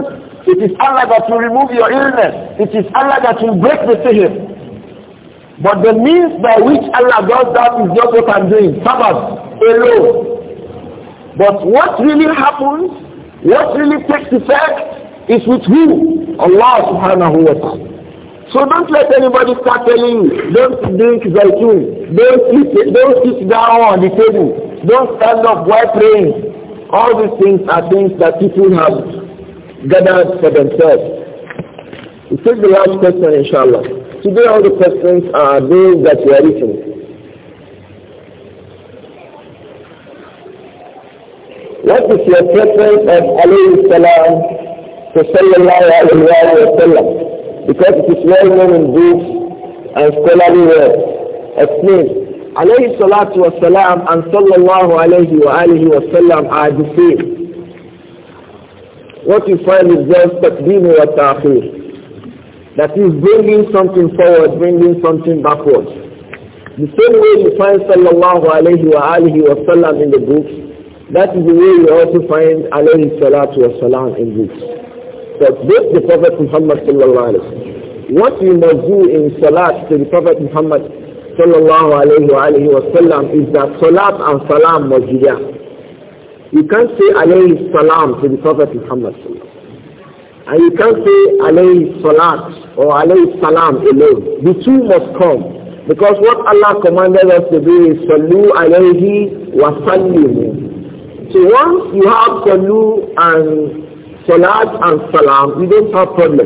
It is Allah that will remove your illness. It is Allah that will break the sihr. But the means by which Allah does that is not what I'm doing. Sabbath alone. But what really happens what really takes effect is with who? Allah subhanahu wa ta'ala. So don't let anybody start telling you, don't drink zaitun, don't sit, don't sit down on the table, don't stand up while praying. All these things are things that people have gathered for themselves. We take the last question, inshallah. Today all the questions are those that are written. What is your preference of alayhi salam to sallallahu alayhi wa sallam? Because it is well known in books and scholarly work. Explain. Alayhi salatu wa salam and sallallahu alayhi wa alihi wa sallam are the same. What you find is just taqdeem wa ta'khir. That is bringing something forward, bringing something backwards. The same way you find sallallahu alayhi wa alihi wa sallam in the books, that is the way we also find alayhi salatu wasalam in this. But this the Prophet Muhammad sallallahu alayhi wa What we must do in salat to the Prophet Muhammad sallallahu alayhi wa alayhi is that salat and salam must be there. You can't say alayhi salam to the Prophet Muhammad and you can't say alayhi salat or alayhi salam alone. The two must come. Because what Allah commanded us to do is salu alayhi wa sallimu. So once you have Salu and Salat and Salam, you don't have problem.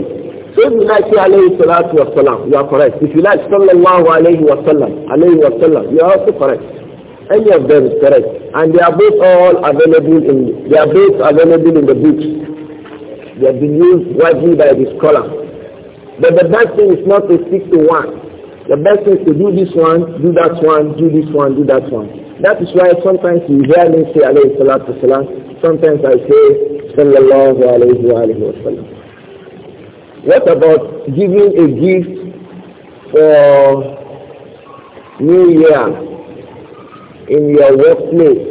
So if you like say alayhi salatu wa salam, you are correct. If you like sallallahu alayhi wa sallam, alayhi wa sallam, you are also correct. Any of them is correct. And they are both all available in, they are both available in the books. They have been used widely by the scholar. But the best thing is not to stick to one. The best thing is to do this one, do that one, do this one, do that one. That is why sometimes you hear me say alayhi salatu Salam. sometimes I say sallallahu alayhi wa alayhi wa sallam. What about giving a gift for New Year in your workplace?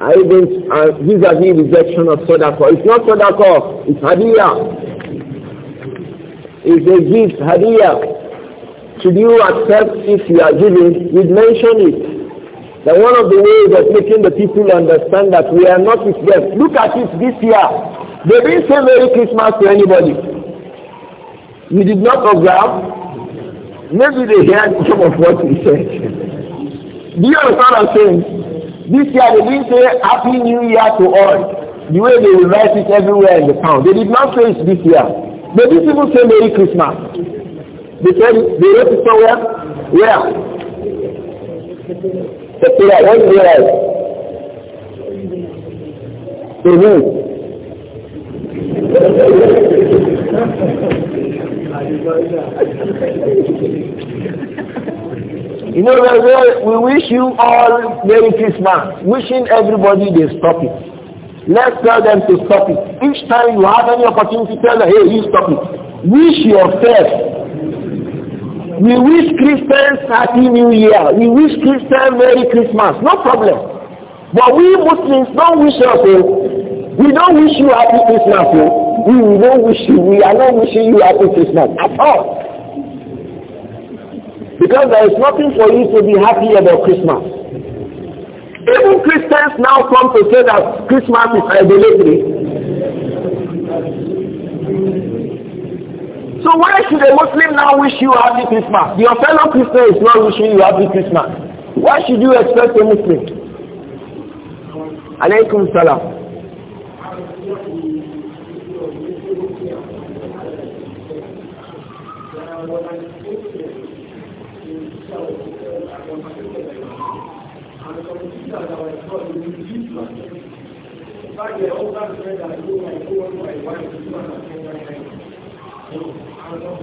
I don't, uh, vis-a-vis rejection of sadaqah. It's not sadaqah, it's hadiyah. It's a gift, hadiyah. Should you accept if you are giving? We'd mention it. That one of the ways of making the people understand that we are not with them. Look at it this year. They didn't say Merry Christmas to anybody. We did not observe? Maybe they heard [LAUGHS] some of what we said. Do you understand what I'm saying? This year they didn't say Happy New Year to all. The way they will write it everywhere in the town. They did not say it this year. They didn't even say Merry Christmas. They the they wrote somewhere. Where? The prayer. What is prayer? To who? you know, we wish you all Merry Christmas, wishing everybody they stop it. Let's tell them to stop it. Each time you have any opportunity, tell them, hey, you stop it. Wish yourself We wish Christians Happy New Year. We wish Christians Merry Christmas. No problem. But we Muslims don't wish us. Eh? We don't wish you Happy Christmas. Eh? We don't wish you. We are not wishing you Happy Christmas at all. Because there is nothing for you to be happy about Christmas. Even Christians now come to say that Christmas is idolatry. So why should a Muslim now wish you happy Christmas? Your fellow Christian is not wishing you happy Christmas. Why should you expect a Muslim? Alaykum salam. Thank you. Well, it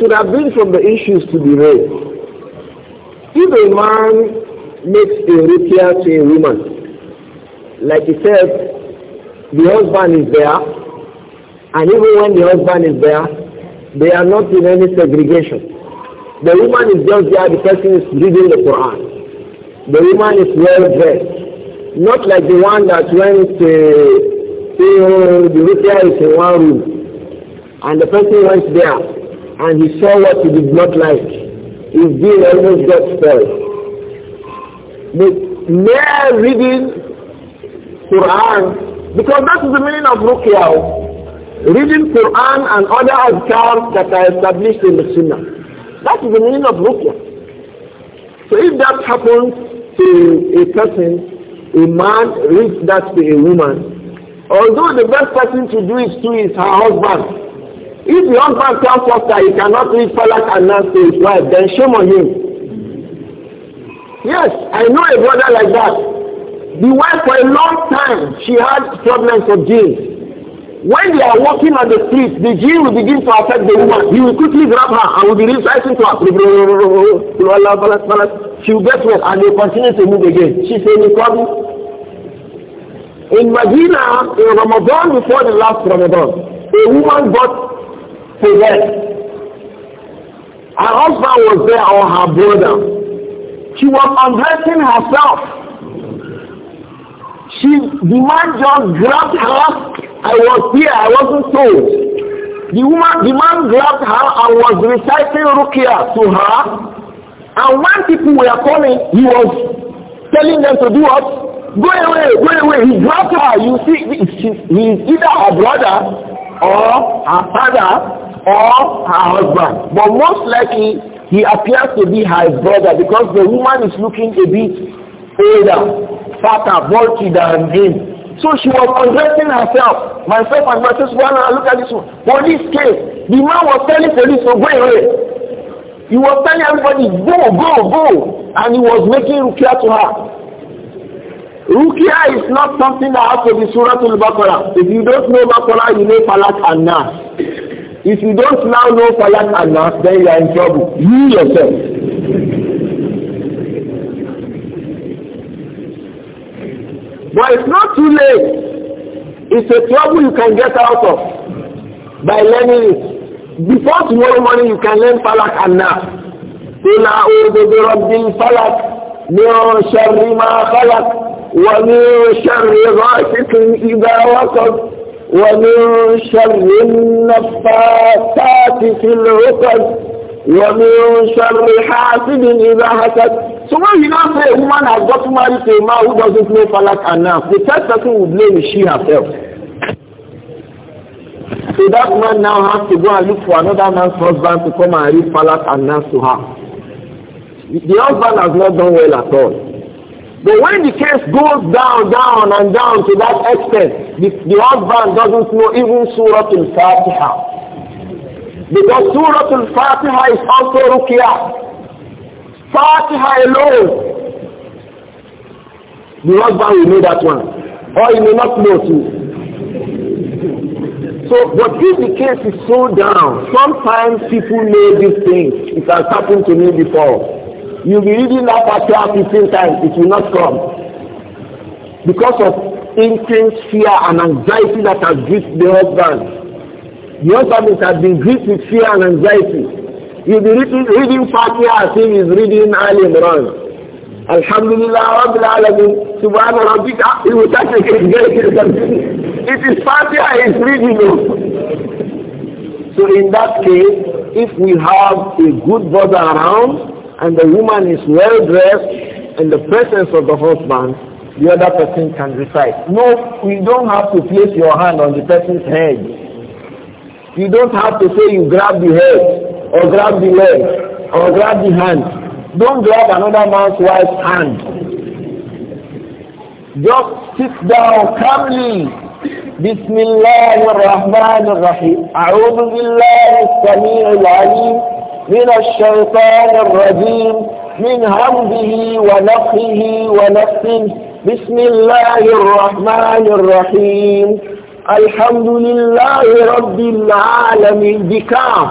should have been from the issues to be raised. If a man makes a rupiah to a woman, like he said, the husband is there, and even when the husband is there, they are not in any segregation. The woman is just there, the person is reading the Quran. The woman is well dressed. Not like the one that went to, the rupiah is in one room. And the person went there and he saw what he did not like. He did almost got spoiled. But mere reading Quran, because that is the meaning of Rukia, Reading Quran and other accounts that are established in the Sunnah. That is the meaning of ruqya. So if that happens to a person, a man reads that to a woman, although the best person to do it to is her husband, if the husband tells us that he cannot read Falak and Nas to his wife, then shame on him. Yes, I know a brother like that. The wife for a long time, she had problems of genes. When they are walking on the street, the Jew will begin to affect the woman. He will quickly grab her and will be reciting to her. She will get well and they will continue to move again. She said, Nicodemus, in Medina, in Ramadan before the last Ramadan, a woman got possessed. Her husband was there or her brother. She was undressing herself. She, the man just grabbed her I was here, I wasn't told. The woman, the man grabbed her and was reciting Rukia to her. And when people were coming, he was telling them to do what? Go away, go away. He grabbed her. You see, he is either her brother or her father or her husband. But most likely, he appears to be her brother because the woman is looking a bit older, fatter, bulky than him. So she was undressing herself, myself and my sister, one I look at this one. Police came. The man was telling police to go away. He was telling everybody, go, go, go. And he was making rukia to her. Rukia is not something that has to be surah to Baqarah. If you don't know Baqarah, you know Falat and Nas. If you don't now know Falat and Nas, then you are in trouble. You yourself. But it's not too late. It's a trouble you can get out of by learning it. Before tomorrow morning, you can learn Falak and Nas. قل أعوذ برب الفلق من شر ما خلق ومن شر غاسق إذا وقب ومن شر النفاثات في العقد وَمِن شَرِّ حَاسِدٍ إِذَا حَسَدَ So when you now say a woman has got married to a man who doesn't know Falak and the third person would blame is she herself. So that man now has to go and look for another man's husband to come and read Falak and to her. The husband has not done well at all. But when the case goes down, down and down to that extent, the, the husband doesn't know even Surah al-Fatiha. Because Surah Al-Fatiha is also Ruqya. Fatiha alone. The husband will know that one. Or he may not know too. So, but if the case is so down, sometimes people know these things. It has happened to me before. You'll be reading that Fatiha 15 times, it will not come. Because of intense fear and anxiety that has gripped the husband. The husband has been gripped with fear and anxiety. He'll be reading, reading Fatiha as if he's reading Ali Imran. Alhamdulillah, Rabbil Alamin, Subhanallah, Rabbika, he will start again, It is Fatiha he's reading. so in that case, if we have a good brother around, and the woman is well dressed, in the presence of the husband, the other person can recite. No, we don't have to place your hand on the person's head you don't have to say you grab the head or grab the leg or grab the hand. Don't grab another man's wife's hand. Just sit down calmly. Bismillah ar-Rahman ar-Rahim. A'udhu billahi as-Sami' al-Alim min ash-shaytan ar-Rajim min hamdihi wa nafihi wa nafsin. Bismillah ar-Rahman ar-Rahim. الحمد لله رب العالمين بكام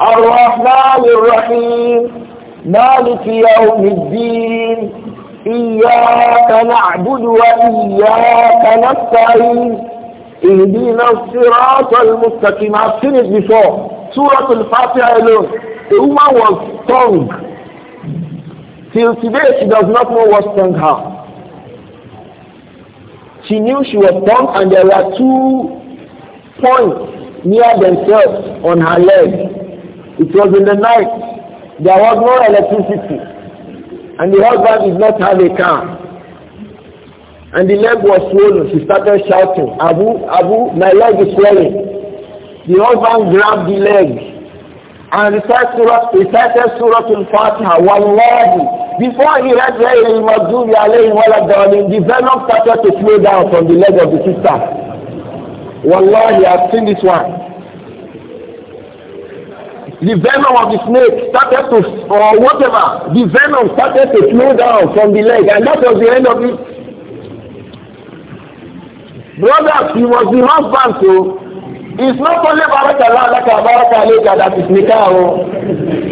الرحمن الرحيم مالك يوم الدين إياك نعبد وإياك نستعين اهدنا الصراط المستقيم I've seen it before Surah Al-Fatiha alone the woman was tongue till today she does not know what tongue her She knew she was born and there were two points near themselves on her leg. It was in the night. There was no electricity. And the husband did not have a car. And the leg was swollen. She started shouting, Abu, Abu, my leg is swelling. The husband grabbed the leg and recited Surah, recited Surah Al-Fatiha. Wallahi, before he left Layl al-Maghdubi alayhim wa al the venom started to flow down from the leg of the sister. Wallahi, I've seen this one. The venom of the snake started to, or whatever, the venom started to flow down from the leg, and that was the end of it. Brothers, he was the husband too. It's not only Baraka like Baraka Allah, that is Nikah.